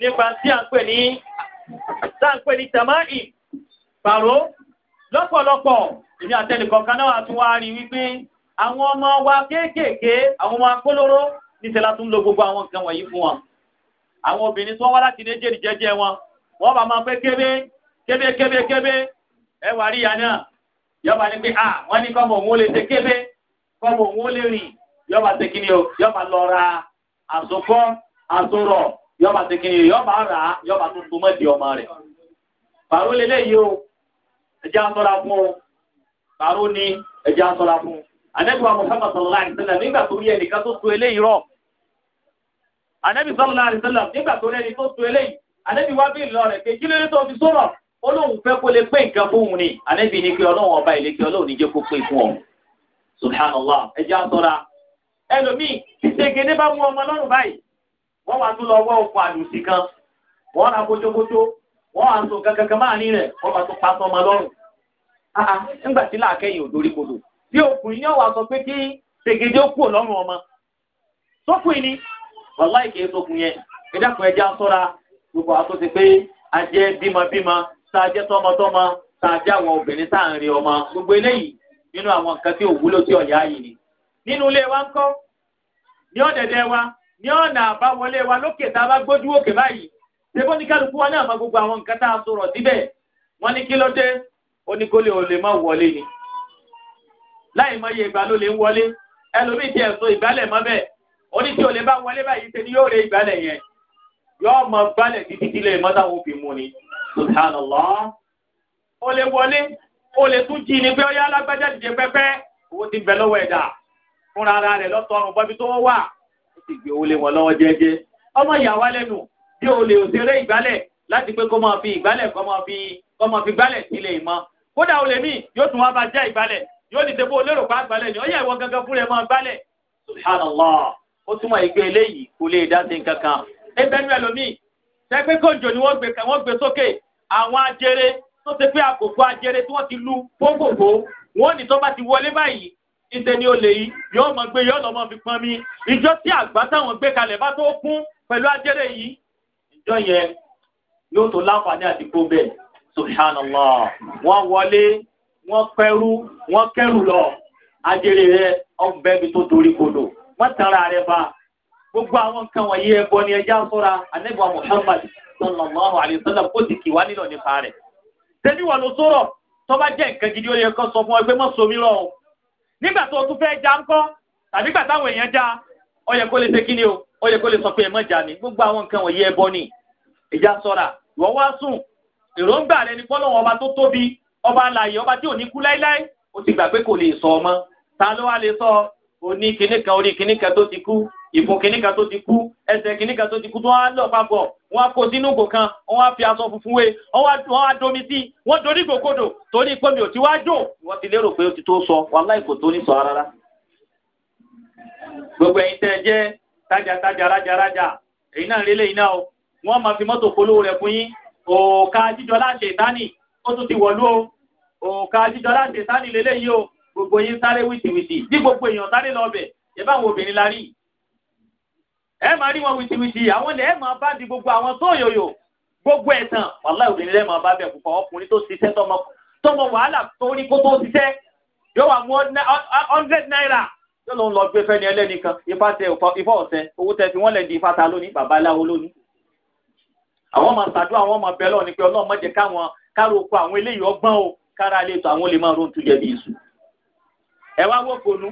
nípa tí à ń pè ní tá à ń pè ní tàmáì pàrọ̀ lọ́pọ̀lọpọ̀ èmi àtẹnìkan kan náà tún wá rí wípé àwọn ọmọ wa kéékèèké àwọn ọmọ akólóró níṣẹ́ la tún lo gbogbo àwọn nǹkan wọ̀nyí fún wọn àwọn obìnrin tí wọ́n wá láti níjẹ́rì jẹ́jẹ́ wọn wọ́n bá máa pé kébé kébé kébé kébé ẹ wà rí ìyá náà yọba ni pé ah wọ́n ní kọ́mọ òun ó lè ṣe kébé kọ́mọ òun ó lè rìn yóò máa ṣe kíni o yóò máa lọ ra àsokọ́ àsorọ̀ yóò máa ṣe kíni o yóò máa rà á yóò máa tuntun mọ́ di ọmọ rẹ̀. pàrọ̀ lélẹ́yìí o ẹ̀jẹ̀ àtọ́ra fún o pàrọ̀ ni ẹ̀jẹ̀ àtọ́ra fún o. ànẹ́gbà Muhammad sallallahu alayhi wa sallam nígbà tó rí ẹnìkan tó tu eléyìí rọ̀ ànẹ́bí sallallahu alayhi wa sallam nígbà tó rí ẹni tó tu eléyìí ànẹ́bí wá bí ìlọ rẹ̀ pé kí ló dé tó fi sọ̀rọ̀ olóhùn fẹ́ kó lè pé nǹkan fóun ni ànẹ́bí ni pé ọlọ́run ọba ìlẹ́kẹ́ ọlọ́run níjẹ́ kó pé fún ọ subhanallah ẹjẹ́ àtọ́ra ẹlòmíì ìṣègede bá mú ọmọ lọ́rùn báyìí wọ́n wá tún lọ wọ́ òkun kan wọ́n ra kótókótó wọ́n wá tó kankankan máa ní rẹ̀ wọ́n bá pa lọ́rùn. nígbà tí làákẹ́yìn ò dorí kodò bí ọmọ sókùn sókùn yẹn gbogbo pé bímọbímọ a tọmọtọmọ tá àwọn obìnrin rí ọmọ gbogbo eléyìí nínú àwọn nǹkan tí ò wúlò tí ọ̀yá yìí ni nínú ilé wa ń kọ́ ní ọ̀dẹ̀dẹ̀ wa ní ọ̀nà àbáwọlé wa lókè tá a bá gbójú òkè báyìí ṣebó ní kálukú wa gbogbo àwọn nǹkan tá a sọ̀rọ̀ síbẹ̀ wọ́n ní kí ló dé oníkólé ò lè má wọlé ni láì mọ iye ìgbà ló lè ń wọlé ẹlòmíì mọ́ bẹ́ẹ̀ oní tí bá wọlé báyìí ṣe ni yóò rẹ yẹn yóò mọ títí tí lè mọ́ táwọn òfin mu ni ó lè wọlé ó lè tún jí fúnra ara rẹ̀ lọ́tọ̀ọ̀rùn bọ́bí tó wọ́n wà ó sì gbé olè wọn lọ́wọ́ jẹ́jẹ́ ọmọ ìyàwó lẹ́nu bí olè òṣèré ìgbálẹ̀ láti pé kó máa fi ìgbálẹ̀ kó máa fi kó máa fi gbálẹ̀ sílẹ̀ ìmọ̀ kódà olè míì yóò tún wá bá jẹ́ ìgbálẹ̀ yóò ní sebo olérò pa gbálẹ̀ ni ó yẹ ìwọ gangan fúnra ẹ̀ máa gbálẹ̀ subhanallah ó túmọ̀ ìgbé eléyìí kò lè dá sí nǹkan kan ẹgbẹ́ nu ẹlòmíì sẹ́gbẹ́ kòjò ni wọ́n gbé wọ́n gbé sókè àwọn ajere tó ṣe pé àkókò ajere tí wọ́n ti lu fófòfó wọ́n ní tó bá ti wọlé báyìí ìṣe ni ó lè yí yóò mọ gbé yóò lọ mọ fi pọn mi ìjọ tí àgbà táwọn gbé kalẹ̀ bá tó kún pẹ̀lú ajẹ́rẹ́ yìí ìjọ yẹn yóò tó láǹfààní àdìgbò bẹ́ẹ̀ subhanallah wọ́n wọlé wọ́n kẹrù wọ́n kẹrù lọ ajẹ́rẹ́ rẹ ọ̀bẹ mi tó dorí kodò wọ́n tara rẹ ba gbogbo àwọn nǹkan wọ̀nyí ẹbọ ni ẹja sọ́ra anẹ́gbà Muhammad sallallahu alayhi wa sallam kó ti kì wá nílò nípa rẹ̀ tẹ́bí wà ló sọ̀rọ̀ tọ́ba jẹ́ nígbà tó o tún fẹ́ já ńkọ́ tàbí gbà táwọn èèyàn já ó yẹ kó lè ṣe kíni o ó kó lè sọ pé ẹ má já mi gbogbo àwọn nǹkan wọ̀nyí ẹbọ ni ìjà sọ́ra ìwọ wá sùn èròǹgbà rẹ ni fọlọ́wọ́n ọba tó tóbi ọba alààyè ọba tí ò ní kú láéláé ó ti gbà pé kò lè sọ ọmọ ta ló wá lè sọ oní kinní kan orí kinní kan tó ti kú ìfún kìnnìkan tó ti kú ẹsẹ̀ kìnnìkan tó ti kú tó wọ́n á lọ papọ̀ wọ́n á kó sínú ìgò kan wọ́n á fi aṣọ funfun wé wọ́n á domi sí wọ́n dorí ìgbòkodò torí pé mi ò ti wá dùn wọ́n ti lérò pé ó ti tó sọ wàláì kò tó ní sọ rárá. gbogbo ẹ̀yin tẹ́ ẹ jẹ́ tajàtajà rájàrájà èyí náà rélé iná o wọ́n máa fi mọ́tò polówó rẹ̀ fún yín òòkà jíjọ láṣẹ ó tún ti wọ̀lú o òòkà jíjọ láṣẹ ìtánì lélẹ́yìí o gbogbo yín sáré wìtìwìtì bí gbogbo èèyàn sáré lọ bẹ̀ ẹ bá obìnrin la rí ẹ máa rí wọn wìtìwìtì àwọn ilẹ̀ ẹ máa bá di gbogbo àwọn tó yòyò gbogbo ẹ̀sán wàhálà obìnrin lẹ́ẹ̀ máa bá bẹ̀ púpọ̀ ọkùnrin tó ṣiṣẹ́ tọmọ wàhálà tó rí kó tó ṣiṣẹ́ yóò wà mú hundred naira yóò lòun lọ gbé fẹ́ni ẹlẹ́nìkan ifá tẹ ifá ọ̀sẹ̀ owó tẹ fi wọ́n lẹ̀ di ifá ta lónìí babaláwo lónìí. àwọn máa ṣàdúrà àwọn máa bẹ̀ lọ́ọ̀ ni pé ọlọ́run má jẹ́ káwọn káàró oko àwọn eléyìí ọgbọ́n o kára lè tó àwọn lè máa ronú tuyẹ̀ bí iṣu. ẹ wá wọ́pọ̀ nu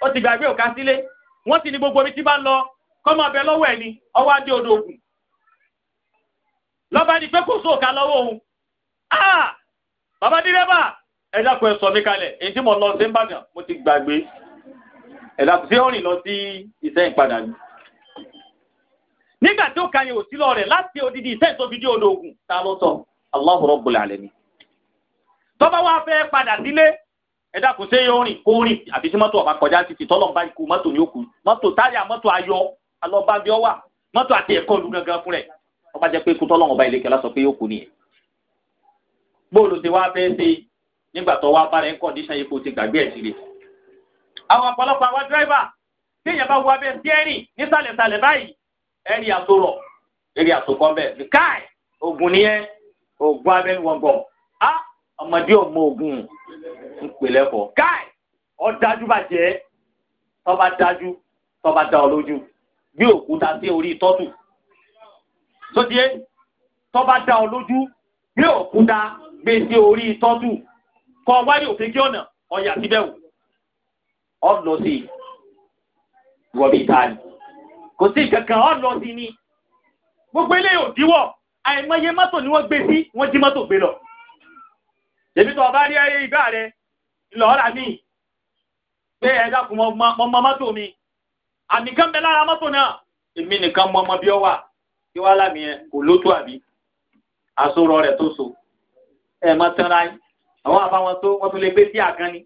ó ti gbàgbé òkà sílé wọ́n ti ní gbogbo omi tí bá ń lọ kọ́ máa lọ́wọ́ ẹ̀ ni ọwọ́ adé odò ògùn lọ́ba ni pé kò sóòka lọ́wọ́ òun bàbá dírẹ́bà ẹ dákun ẹ sọ mi kalẹ̀ èyí tí mo lọ sí Ìbàdàn mo ti gbàgbé ẹ dákun sí òrìn lọ sí Ìsẹ́yìn padà ni nígbà tí ó kan òsílọ rẹ̀ láti odidi Ìsẹ́yìn tó fi dé odò ògùn ta ló sọ Allahu Rabbul Alamin tọ́ba wa fẹ́ padà sílé ẹ dákun sí òrìn kó rìn àfi tí mọ́tò ọba kọjá ti fi tọ́lọ̀ bá ikú mọ́tò ní òkú mọ́tò táyà mọ́tò ayọ̀ alọ́ba bí ọ wà mọ́tò àti ẹ̀kọ́ lu gangan fún rẹ̀ ọba jẹ́ pé ikú tọ́lọ́ ọba ìlẹ̀kẹ́ lásọ pé yóò kú nìyẹn. bóòlù ti wá fẹ́ ṣe nígbà tó wá bára ẹ̀ ń kọ́ndíṣàn epo ti gbàgbé ẹ̀ sílẹ̀. àwọn ọ̀pọ̀lọpọ̀ àwọn dírẹ́fà tí èèyàn bá wo abẹ́ tíẹ́rì nísàlẹ̀sàlẹ̀ báyìí ẹ̀rí àtòrọ̀ ẹ̀rí àtòkọ́ bẹ́ẹ̀ káì ogun ni ẹ́ ogun abẹ́ wọ̀ngọ̀ á ọmọdé ọmọ ogun ń pè lẹ́kọ̀ọ́ káì ó dájú bàjẹ́ tó bá dájú tó bá dá ọ lójú bí òkúta sí orí tọ́tù sóde tọ́ba dá ọ lójú bí òkúta gbé sí orí tọ́tù kọ wáyé òkèké ọ̀nà ọ̀yà síbẹ̀ wò ọ̀nà sí wọ̀bí ìtaàlì kò sí kankan ọ̀nà sí ni gbogbo eléyìí ò díwọ̀ àìmọye mọ́tò ni wọ́n gbé sí wọ́n jí mọ́tò gbé lọ èmi tó ọba rí ẹyẹ ìgbà rẹ ńlọrọ mi pé ẹ dákun mọ mọ́tò mi àmì kan bẹ lára mọ́tò náà èmi nìkan mọ ọmọ bí ọ wà kí wàá lámì yẹn kò lótú àbí àsorọ rẹ̀ tó so ẹ mọ tẹnra yín àwọn àbáwọn tó wọn tó lè gbé sí àkànni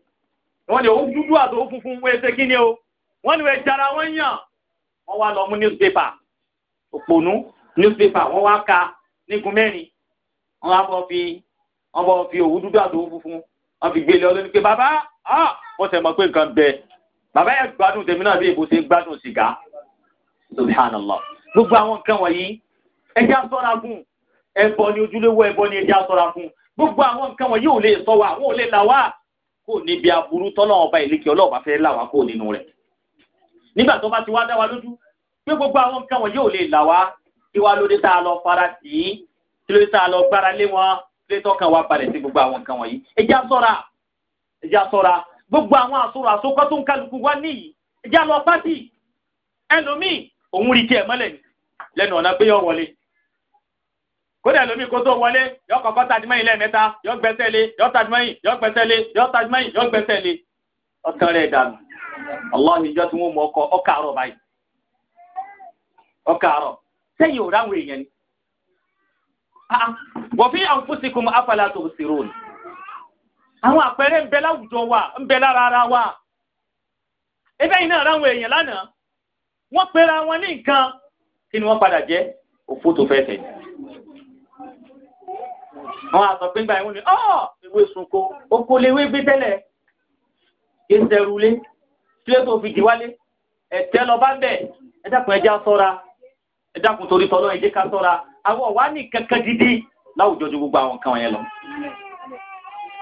wọn lè ó dúdú àti ó funfun wọn ẹsẹ kí ni o wọn lè jara wọn yàn wọn wá lọ mú newspaper òpònú newspaper wọn wá ka nígun mẹ́rin wọn wá bọ fi wọn bọ fi òwú dúdú àti òwú funfun wọn fi gbélé ọlọ́ni pé bàbá ọ ah, wọn tẹ̀ mọ́ pé nǹkan bẹ́ẹ̀ bàbá yẹn gbádùn tèmi náà bí èbó ṣe gbádùn sìgá subhanallah gbogbo àwọn nǹkan wọ̀nyí ẹjẹ́ asọ́ra fún ẹbọ ni ojúlówó ẹbọ ni ẹjẹ́ asọ́ra fún gbogbo àwọn nǹkan wọ̀nyí ò lè sọ wa àwọn ò lè là wá kò níbi aburú tọ́lọ́ ọba ìlékè ọlọ́ọ̀bá fẹ́ là wá kò nínú rẹ̀ nígbà tó bá ti wá dá wa lójú pé gbogbo àwọn nǹkan wọ̀nyí ò lè là wá kí wá lóde tá a lọ fara tì í kí lóde tá a lọ gbára lé wọn lé tọ́kàn wa balẹ̀ sí gbogbo àwọn nǹkan wọ̀nyí ẹjẹ́ asọ́ra ẹjẹ́ asọ́ra gbogbo àwọn àsọ̀rọ̀ àsọkọ tó ń kálukú wá níyì ẹjá lọ pátì ẹlòmíì òun rí tiẹ̀ mọ́lẹ̀ ni lẹ́nu ọ̀nà pé yọ wọlé kódà lómi kó tó wọlé yọ kọ́kọ́ tajumẹ́yìn lẹ́ẹ̀mẹ́ta yọ gbẹ́sẹ̀lé yọ tajumẹ́yìn yọ gbẹ́sẹ̀lé yọ tajumẹ́yìn yọ gbẹ́sẹ̀lé ọ̀tàn rẹ̀ dànù ọlọ́run ìjọ tí wọ́n mú ọkọ ọkà àárọ̀ báyìí ọkà àárọ̀ sẹ́yìn ò ráwọn èèyàn ni ah, wọ́n fi àwọn fúnṣe kó mu afálà tó ṣèrò ni àwọn àpẹẹrẹ ń bẹ láwùjọ wa ń bẹ lára ara wa ẹgbẹ́ yìí náà ráwọn èèyàn lánàá wọ́n pera wọn ní nǹkan kí ni wọ́n padà jẹ́ òfó tó fẹ́ tẹ̀. àwọn àtọ̀pẹ́ gba ìwọ̀n ni ọ́ ìwé sunko oko léwé gbé tẹ́lẹ̀ ìṣẹ̀rùlé tílé tó fi jìwálé ẹ̀tẹ́ lọ bá bẹ̀ ẹ dákun ẹja sọ́ra ẹ dákun torí tọ́lọ́ ẹ jẹ́ ká sọ́ra àwọn ọ̀wá ní kankan gidi láwùjọ ju gbogbo àwọn nǹkan wọn yẹn lọ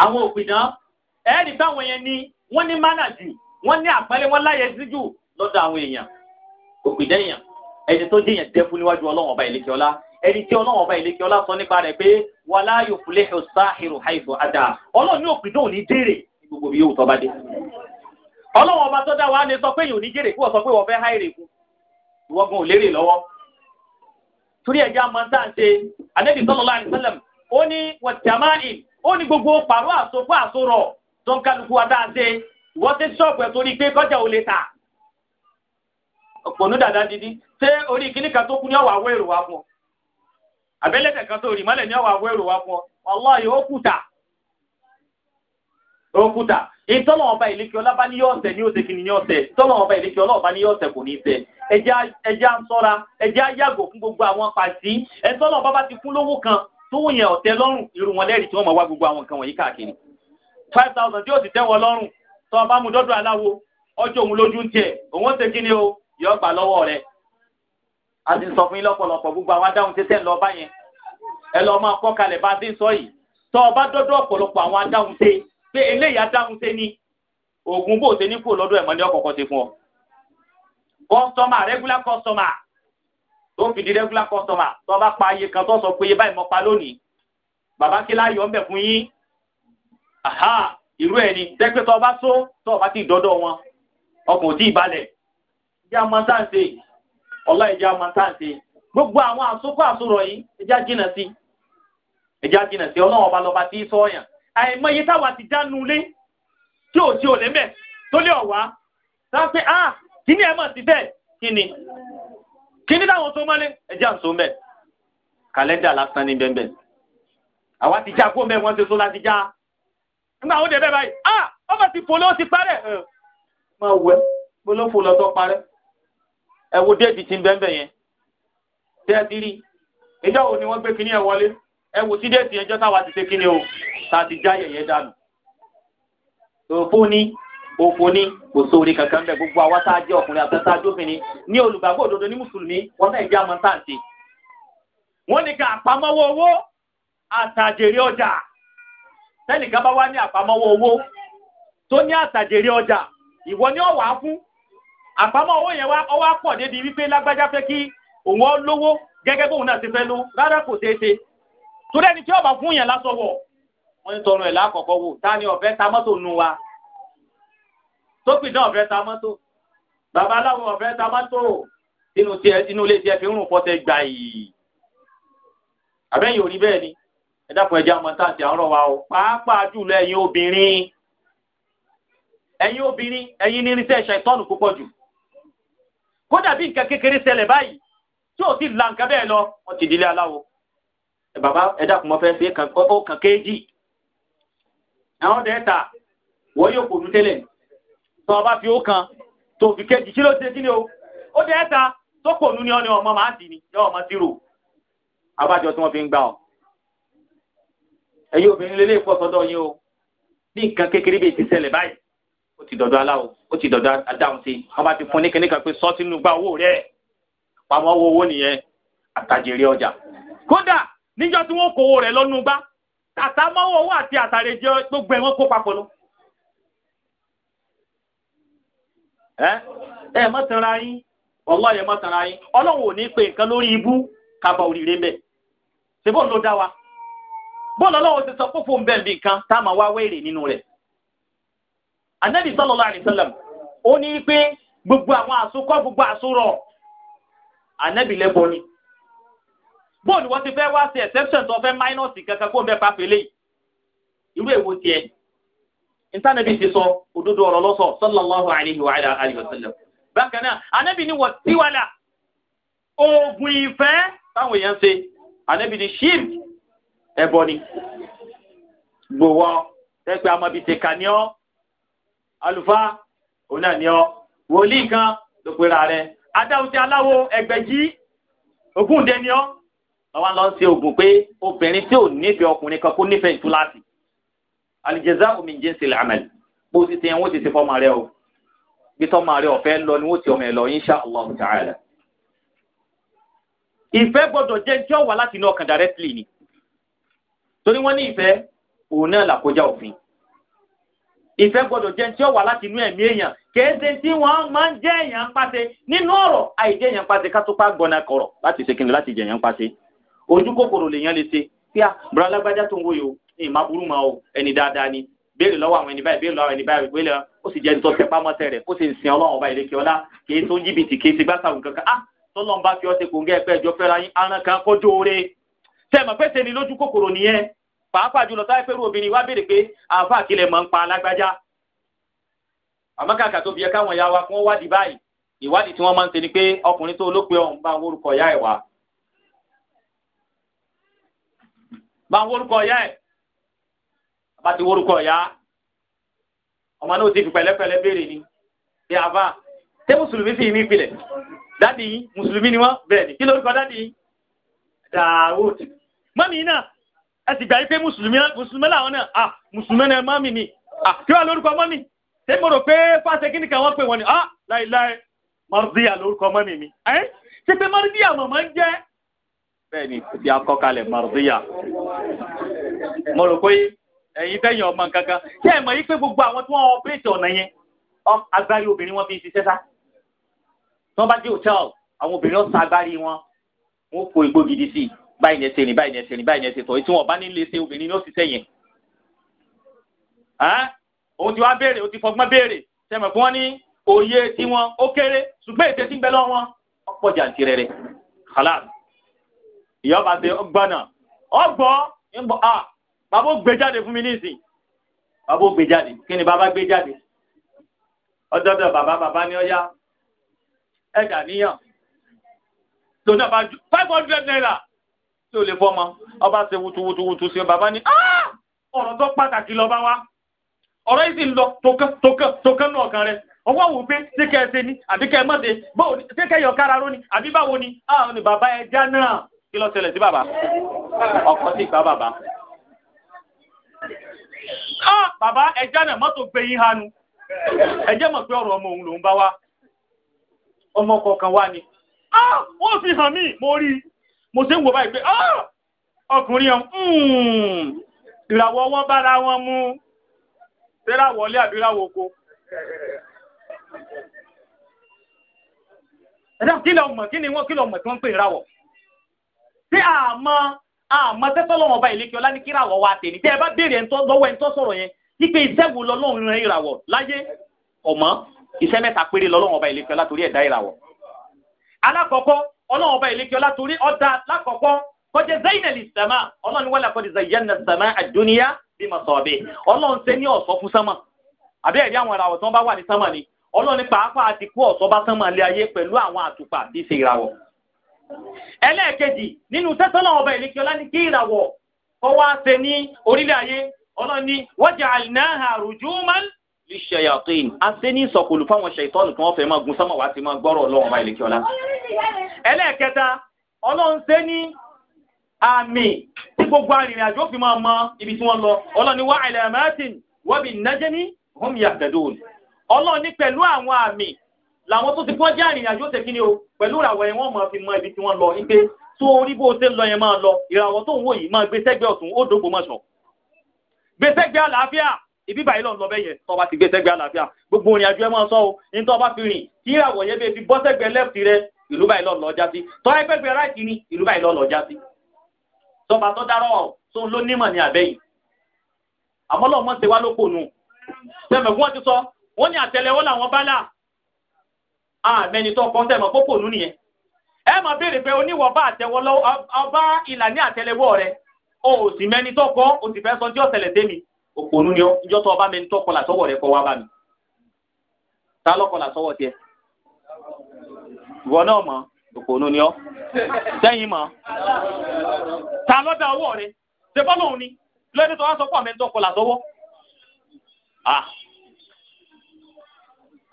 àwọn òpìdán ẹ̀ẹ́dì táwọn yẹn ní wọ́n ní mánàjù wọ́n ní àpẹẹrẹ wọ́n láyé síjù lọ́dọ̀ àwọn èèyàn òpìdán èèyàn ẹni tó jẹ́ èèyàn dẹ́kun níwájú ọlọ́run ọba ìlẹ́kẹ́ ọlá ẹni tí ọlọ́run ọba ìlẹ́kẹ́ ọlá sọ nípa rẹ̀ pé wàlá yuflihu sáhìrù haythu àdá ọlọ́run ní òpìdán ò ní dèrè ní gbogbo ibi yóò tọ́ bá dé ọlọ́run ọba tó dá wa ni sọ pé yòó ní jèrè kí wọ́n sọ pé wọ́n fẹ́ háìrè kú ìwọ́gun ò lérè lọ́wọ́ torí ẹ̀jẹ̀ àmọ́ tá à ń ṣe Ànábì sallallahu alaihi wasallam ó ní wọ́n ó ní gbogbo pàrọ̀ àsopọ̀ àsorọ̀ tó ń kálukú wa dáa wọ́n ti ṣọ́ọ̀bù ẹ̀ torí pé kọjá ò lè tà ọ̀pọ̀nú dada dídí ṣé orí kíní kan tó kú ní èrò wa fún kan tó rì mọ́lẹ̀ ní ọ̀wà awọ́ èrò wa fún ọ ó kùtà ó kùtà ọba ní ní ó ní ọ̀sẹ̀ ọba tó yẹn ọ̀tẹ́ lọ́rùn irú wọn lẹ́rìí tí wọ́n máa wá gbogbo àwọn nǹkan wọ̀nyí káàkiri five thousand tí ó ti tẹ́wọ́ lọ́rùn tó wọn bá mu dọ́dọ̀ aláwo ọjọ́ òun lójú ń tiẹ̀ òun ó ṣe kí ni o yọ gbà lọ́wọ́ rẹ̀ a ti sọ fún yín lọ́pọ̀lọpọ̀ gbogbo àwọn adáhùn tẹ́tẹ́ lọ bá yẹn ẹ lọ máa kọ́ kalẹ̀ bá a ti ń sọ yìí tó o bá dọ́dọ̀ ọ̀pọ̀lọpọ̀ àwọn adáhùn tẹ́ pé eléyìí tó ń fi di regular customer tó bá pa iye kan tó sọ pé iye báyìí mo pa lónìí bàbá kí láyọ̀ ń bẹ̀ fún yín aha irú ẹ̀ ni tẹ́pẹ́ tó bá só tó bá ti dọ́dọ̀ wọn ọkàn ò tí ì balẹ̀ ìjà máa ń tàǹsì ọlá ìjà máa ń tàǹsì gbogbo àwọn àsopọ̀ àsorọ̀ yìí ẹja jìnà sí ẹja jìnà sí ọlọ́run ọba lọba tí sọ́ọ̀yàn àìmọye táwa ti dánu lé tí ò tí ò lé tó lé ọ̀wá sáfẹ́ ah kíní ẹ̀ mọ̀ sí bẹ́ẹ̀ kíni kíní táwọn so mọ́lé ẹjẹ́ à ń so mbẹ́ kàlẹ́ndà lásán ní bẹ́ẹ̀ bẹ́ẹ̀ àwa ti já kó mbẹ́ wọ́n ṣe so láti já nígbà wọn dé bẹ́ẹ̀ báyìí ah ọba ti fòló ti parẹ́ ẹ máa wẹ gbólófò lọ́tọ́ parẹ́ ẹ wo déètì ti bẹ́ẹ̀ bẹ́ẹ̀ yẹn tẹ́ ẹ ti rí ìjọ wo ni wọ́n gbé kíní ẹ wọlé ẹ wò sí déètì ẹjọ́ táwa ti ṣe kíní o tá a ti já yẹ̀yẹ́ dànù òfò ni òfò ni kò sóore kankan bẹ gbogbo àwa tá a jẹ ọkùnrin àtẹsẹ àjọfìnrin ní olùgbàgbọ́ òdodo ní mùsùlùmí wọn náà jẹ àwọn táǹtì wọn ní ká àpamọ́wọ́ owó àtàjèrè ọjà tẹnìkan bá wá ní àpamọ́wọ́ owó tó ní àtàjèrè ọjà ìwọ ni ọwà fún àpamọ́ owó yẹn wá ọwọ́ pọ̀ débi wípé lágbájá fẹ́ kí òun ó lówó gẹ́gẹ́ bóun náà ti fẹ́ lówó rárá kò ṣeé ṣe torí ẹni tí ọba fún yẹn lásọwọ wọn ní tọrùn ẹ lákọ̀ọ́kọ́ wò ta ni ọ̀fẹ́ ta mọ́tò nu wa tókì náà ọ̀fẹ́ ta mọ́tò babaláwo ọ̀fẹ́ ta mọ́tò inú tiẹ̀ inú ilé tiẹ̀ fi ń rùn fọ́tẹ̀ gbà yìí àbẹ́yìn ò rí bẹ́ẹ̀ ni ẹ dákun ẹja ọmọ táǹtì àwọn ọ̀rọ̀ wa o pàápàá jùlọ ẹ̀yin obìnrin ẹ̀yin obìnrin ẹ̀yin ní irinṣẹ́ ẹ̀ṣẹ̀ ìtọ́nù púpọ̀ jù kódà bí nǹkan kékeré ṣẹlẹ̀ báyìí tí ò sì la nǹkan bẹ́ẹ̀ lọ wọ́n ti dilé aláwo ẹ bàbá ẹ dákun mọ́ fẹ́ ṣe ó kàn kéèjì àwọn ọ̀dẹ́ ta wọ́n yóò kò nú tẹ́lẹ̀ ní tó o bá fi ó kan tó fi kejì kí ló ṣe kí ni o ó dé ẹ̀ta tó kò nu ni ọ ni ọmọ máa dì ní yọ ọmọ zero abájọ tí wọ́n fi ń gbà ọ. ẹ̀yin obìnrin lélẹ́yìn pọ̀ sọ́dọ̀ yín o ní nǹkan kékeré bíi ti ṣẹlẹ̀ báyìí ó ti dọ̀dọ̀ aláwo ó ti dọ̀dọ̀ adáhùn sí i wọ́n bá ti fún ní kíníkan pé sọ́ọ́ sínú gba owó rẹ̀ pamọ́ owó owó nìyẹn àtàjèrè ọjà kódà níjọ́ tí wọ́n kó owó rẹ̀ lọ́nu gbá tàtàmọ́wọ́ owó àti àtàrèjẹ gbogbo ẹ̀ wọ́n kó papọ̀ lọ. ẹ ẹ má tanra yín wallahi má tanra yín ọlọ́run ò ní pe nǹkan lórí ibú kaba òrìrè mbẹ ṣèbó ló dá wa bọ́ọ̀lù ọlọ́run ti sọ fófó mbẹ́ nbí kan tá a máa wá wéèrè nínú rẹ̀ Anẹ́bí sallallahu alaihi wasallam ó ní pé gbogbo àwọn àsokọ́ gbogbo àsorọ̀ Anẹ́bí lẹ́bọ ni bọ́ọ̀lù wọ́n ti fẹ́ wá sí exception tó fẹ́ minus kankan kó mbẹ́ pàfẹ́lẹ́ irú èwo tiẹ̀ ntànàbí ti sọ òdodo ọ̀rọ̀ lọ́sọ̀ sallallahu alayhi wa alayhi wa sallam bákan náà anabi ni wọ́n tiwala oògùn ìfẹ́ táwọn èèyàn ṣe anabi ni shirk ẹbọ ni gbowó ẹgbẹ́ amabite kaniọ́ àlùfáà onaniọ́ wòlíì kan ló pera rẹ̀ adáwùjẹ aláwo ẹgbẹ̀jì ògùn dẹniọ́ àwọn lọ ń ṣe ògùn pé obìnrin tí ò nífẹ̀ẹ́ ọkùnrin kan kó nífẹ̀ẹ́ ìtúláàsì aljaza'u min jinsil amal bó ti tẹ wọn ti ti fọmọ rẹ o bí tọmọ rẹ ọfẹ lọ ni wọn ti ọmọ ẹ lọ insha allah ta'ala ìfẹ́ gbọ́dọ̀ jẹ́ tí ó wà láti inú ọkàn directly ni torí wọ́n ní ìfẹ́ òun náà làkójá òfin ìfẹ́ gbọ́dọ̀ jẹ́ tí ó wà láti inú ẹ̀mí èèyàn kéde tí wọ́n máa ń jẹ́ èèyàn pàṣẹ nínú ọ̀rọ̀ àìjẹ́ èèyàn pàṣẹ ká tó pa gbọ́nà kọ̀rọ̀ láti ṣe kí ìmọ̀ burú mọ́ o ẹni dáadáa ni béèrè lọ́wọ́ àwọn ẹni báyìí béèrè lọ́wọ́ àwọn ẹni báyìí béèrè ó sì jẹ́ ẹni tó tẹ pámọ́tẹ́ rẹ̀ ó sì ń sin ọlọ́run ọba ìlékè ọlá kìí tó ń jìbìtì kìí ti gbásàwùn kankan ah tọ́lọ́n bá fi ọ́ ṣe kòǹgẹ́ ẹ̀pẹ́ ẹjọ́ fẹ́ra yín aràn kan kó dóore tẹ́ mọ̀ pé sẹ́ni lójú kòkòrò nìyẹn pàápàá jùlọ táyé pẹ̀lú obìnrin wá béèrè pé àáfàá kílẹ̀ mọ̀ ń pa alágbájá àmọ́ kàkà tó fi yẹ káwọn ìyá wa kí wọ́n wádìí báyìí ìwádìí tí wọ́n máa ń ṣe ni pé ọkùnrin tó lópin ọ̀hún bá ń wórúkọ ìyá ẹ̀ wá bá ń wórúkọ ìyá ẹ̀ pati worúkọ ya ọmọ náà ti fi pẹ̀lẹ́pẹ̀lẹ́ béèrè ni bí a bá ṣé mùsùlùmí sì ní ìpìlẹ̀ dáàdi yín mùsùlùmí ni wọ́n bẹ́ẹ̀ ni kí lórúkọ dáàdi yín Daoud mọ́mí náà ẹ sì gbà yí pé mùsùlùmí mùsùlùmí làwọn náà ah mùsùlùmí náà mọ́mí ni ah kí wọ́n lórúkọ mọ́mí ṣé mo rò pé fáṣẹ kí nìkan wọ́n pè wọ́n ni ah láìláì mọ́rùdíyà lórúkọ mọ́mí mi ẹ ṣe pé mọ́rùdíyà mọ̀mọ́ ń jẹ́ bẹ́ẹ̀ ni ti akọ́kalẹ̀ mọ́rùdíyà mo rò pé ẹ̀yin tẹ́yìn ọmọ kankan ṣé ẹ mọ̀ yí pé gbogbo àwọn tí wọ́n ọ̀pẹ́ẹ̀tì ọ̀nà yẹn agbárí obìnrin wọn fi ń ṣiṣẹ́ sá tí wọ́n bá dé hòtẹ́ẹ̀lì àwọn obìnrin ọ̀sán agbárí wọn wọn kó igbó gidi sí i báyìí ní ẹsẹ̀ rìn báyìí ní ẹsẹ̀ rìn báyìí ní ẹsẹ̀ tọ̀ tí wọn bá ní lè ṣe obìnrin ní òṣìṣẹ́ yẹn. òun ti wá béèrè òun ti fọgbọ́n béèrè sẹ́mi fún wọn ní òye tiwọn ó kéré ṣùgbọ́n ètè tí ń bẹ lọ́wọ́ wọn ọ̀pọ̀ jàǹtì rẹ̀ rẹ̀ kàlá ìyọba ṣe ọgbọ́nà ọgbọ́ ń bọ̀ ah, bàbá ó gbé jáde fún mi nísìn bàbá ó gbé jáde kí ni bàbá gbé jáde ọdọọdọ bàbá bàbá ní ọyá ẹdà níyàn lónà bá ju five hundred naira tí o lè fọmọ ọba ṣe wutuwutuwutu sí bàbá ní ah! ọ̀rọ̀ tó pàtàkì lọ́ba wa ọ̀rọ̀ yìí sì ń lọ tókàn náà kan rẹ̀ ọwọ́ wò pé ṣé kẹ́ ẹ ṣe ni àbí kẹ́ ẹ mọ̀dé ṣé kẹ́ ẹ yọ kára ró ni àbí báwo ni àwọn ah, ni bàbá ẹ já náà kí ló ṣẹlẹ̀ sí bàbá ọkọ̀ sí ìgbà bàbá ah bàbá ẹja náà mọ́tò gbé yín hanu ẹjẹ́ mọ̀ pé ọ̀rọ̀ ọmọ òun lòún bá wá ọmọ kọ̀ọ̀kan wá ni ah ó fi hàn mí mo rí i mo ṣe ń wò báyìí pé ah ọkùnrin ọ̀hún hmm, ìràwọ̀ wọn bára wọn mú ìràwọ̀ ilé àbí ìràwọ̀ oko. ẹ̀dá kí lọ mọ̀ kí ni wọ́n kí lọ mọ̀ tí wọ́n pè ìràwọ̀ tí a mọ̀ àmọ́tẹ́sọ́lọ́wọ́n ọba ìlékè ọlá ní kí ìràwọ̀ wa tè ní tẹ́ ẹ bá béèrè lọ́wọ́ ẹni tó sọ̀rọ̀ yẹn wípé iṣẹ́ wo lọ́lọ́run rẹ ìràwọ̀ láyé ọ̀mọ́ iṣẹ́ mẹ́ta péré lọ́lọ́run ọba ìlékè ọlá torí ẹ̀dá ìràwọ̀. alákọ̀ọ́kọ́ ọlọ́run ọba ìlékè ọlá torí ọ̀dà lákọ̀ọ́kọ́ kọjá zainal sàmà ọlọ́run ni wọ́n lè kọjá zayyana sàmà àdúnyá bí mo sọ bẹ́ẹ̀ ọlọ́run ṣe ní ọ̀ṣọ́ fún sánmà àbí ẹ̀rí àwọn ìràwọ̀ tí wọ́n bá wà ní sánmà ni ọlọ́run pàápàá ti kó ọ̀ṣọ́ bá sánmà lé ayé pẹ̀lú àwọn àtùpà bí ṣe ìràwọ̀ ẹlẹ́ẹ̀kejì nínú sẹ́tọ́lá ọba ìlẹ́kẹ́ ọlá ní kí ìràwọ̀ kọ́ wá ṣe ní orílẹ̀ ayé ọlọ́ni waja'alnaha rujuman lish-shayatin a ṣe ní ìsọ̀kòlù fáwọn ṣèyítọ́nù tí wọ́n fẹ́ máa gun sọ́mọ̀ wá sí máa gbọ́rọ̀ ọlọ́run ọba ìlẹ́kẹ́ ọlá. ẹlẹ́ẹ̀kẹta ọlọ́run ṣe ní àmì tí gbogbo arìnrìn àjò fi máa mọ ibi tí wọ́n lọ ọlọ́ni wa alamatin wa bin najmi ní làwọn tó ti kọ́ jẹ́ àrìnrìn àjò tẹ̀kí ni o pẹ̀lú ìràwọ̀ yẹn wọ́n máa fi mọ ibi tí wọ́n lọ ní pé tó orí bó ṣe ń lọ yẹn máa lọ ìràwọ̀ tó ń wò yìí máa gbé sẹ́gbẹ́ ọ̀tún ó dógbò mọ̀ṣọ́ gbé sẹ́gbẹ́ àlàáfíà ibi báyìí lọ lọ bẹ́yẹn tó bá ti gbé sẹ́gbẹ́ àlàáfíà gbogbo ìrìn àjò ẹ máa sọ o ní tó bá fi rìn tí ìràwọ̀ yẹn bẹ́ẹ̀ fi bọ́ sẹ́gbẹ́ lẹ́fì ni ìlú báyìí lọ lọ já sí tọba tó dárọ̀ tó ń lọ nímọ̀ àmẹ́ni tó kọ́ tẹ̀mọ̀ pópò nù nìyẹn ẹ mọ̀ béèrè pé oníwọ̀ bá àtẹwọ́ lọ ọba ìlà ní àtẹlẹwọ́ rẹ o ò sì mẹ́ni tó kọ́ o sì fẹ́ sọ jọ́ tẹ̀lẹ̀ tẹ́mi òpònú ni ìjọ tó ọba mẹ́ni tó kọ́ làtọ́wọ́ rẹ kọ́ wá bá mi ta lọ́kọ́ làtọ́wọ́ tiẹ̀ ìwọ náà mọ̀ òpònú ni ọ́ sẹ́yìn mọ̀ ta lọ́dà ọwọ́ rẹ ṣe bọ́lọ̀ òní lẹ́ni tó wá sọ pọ̀ mẹ́ni tó kọ́ làtọ́wọ́ ah.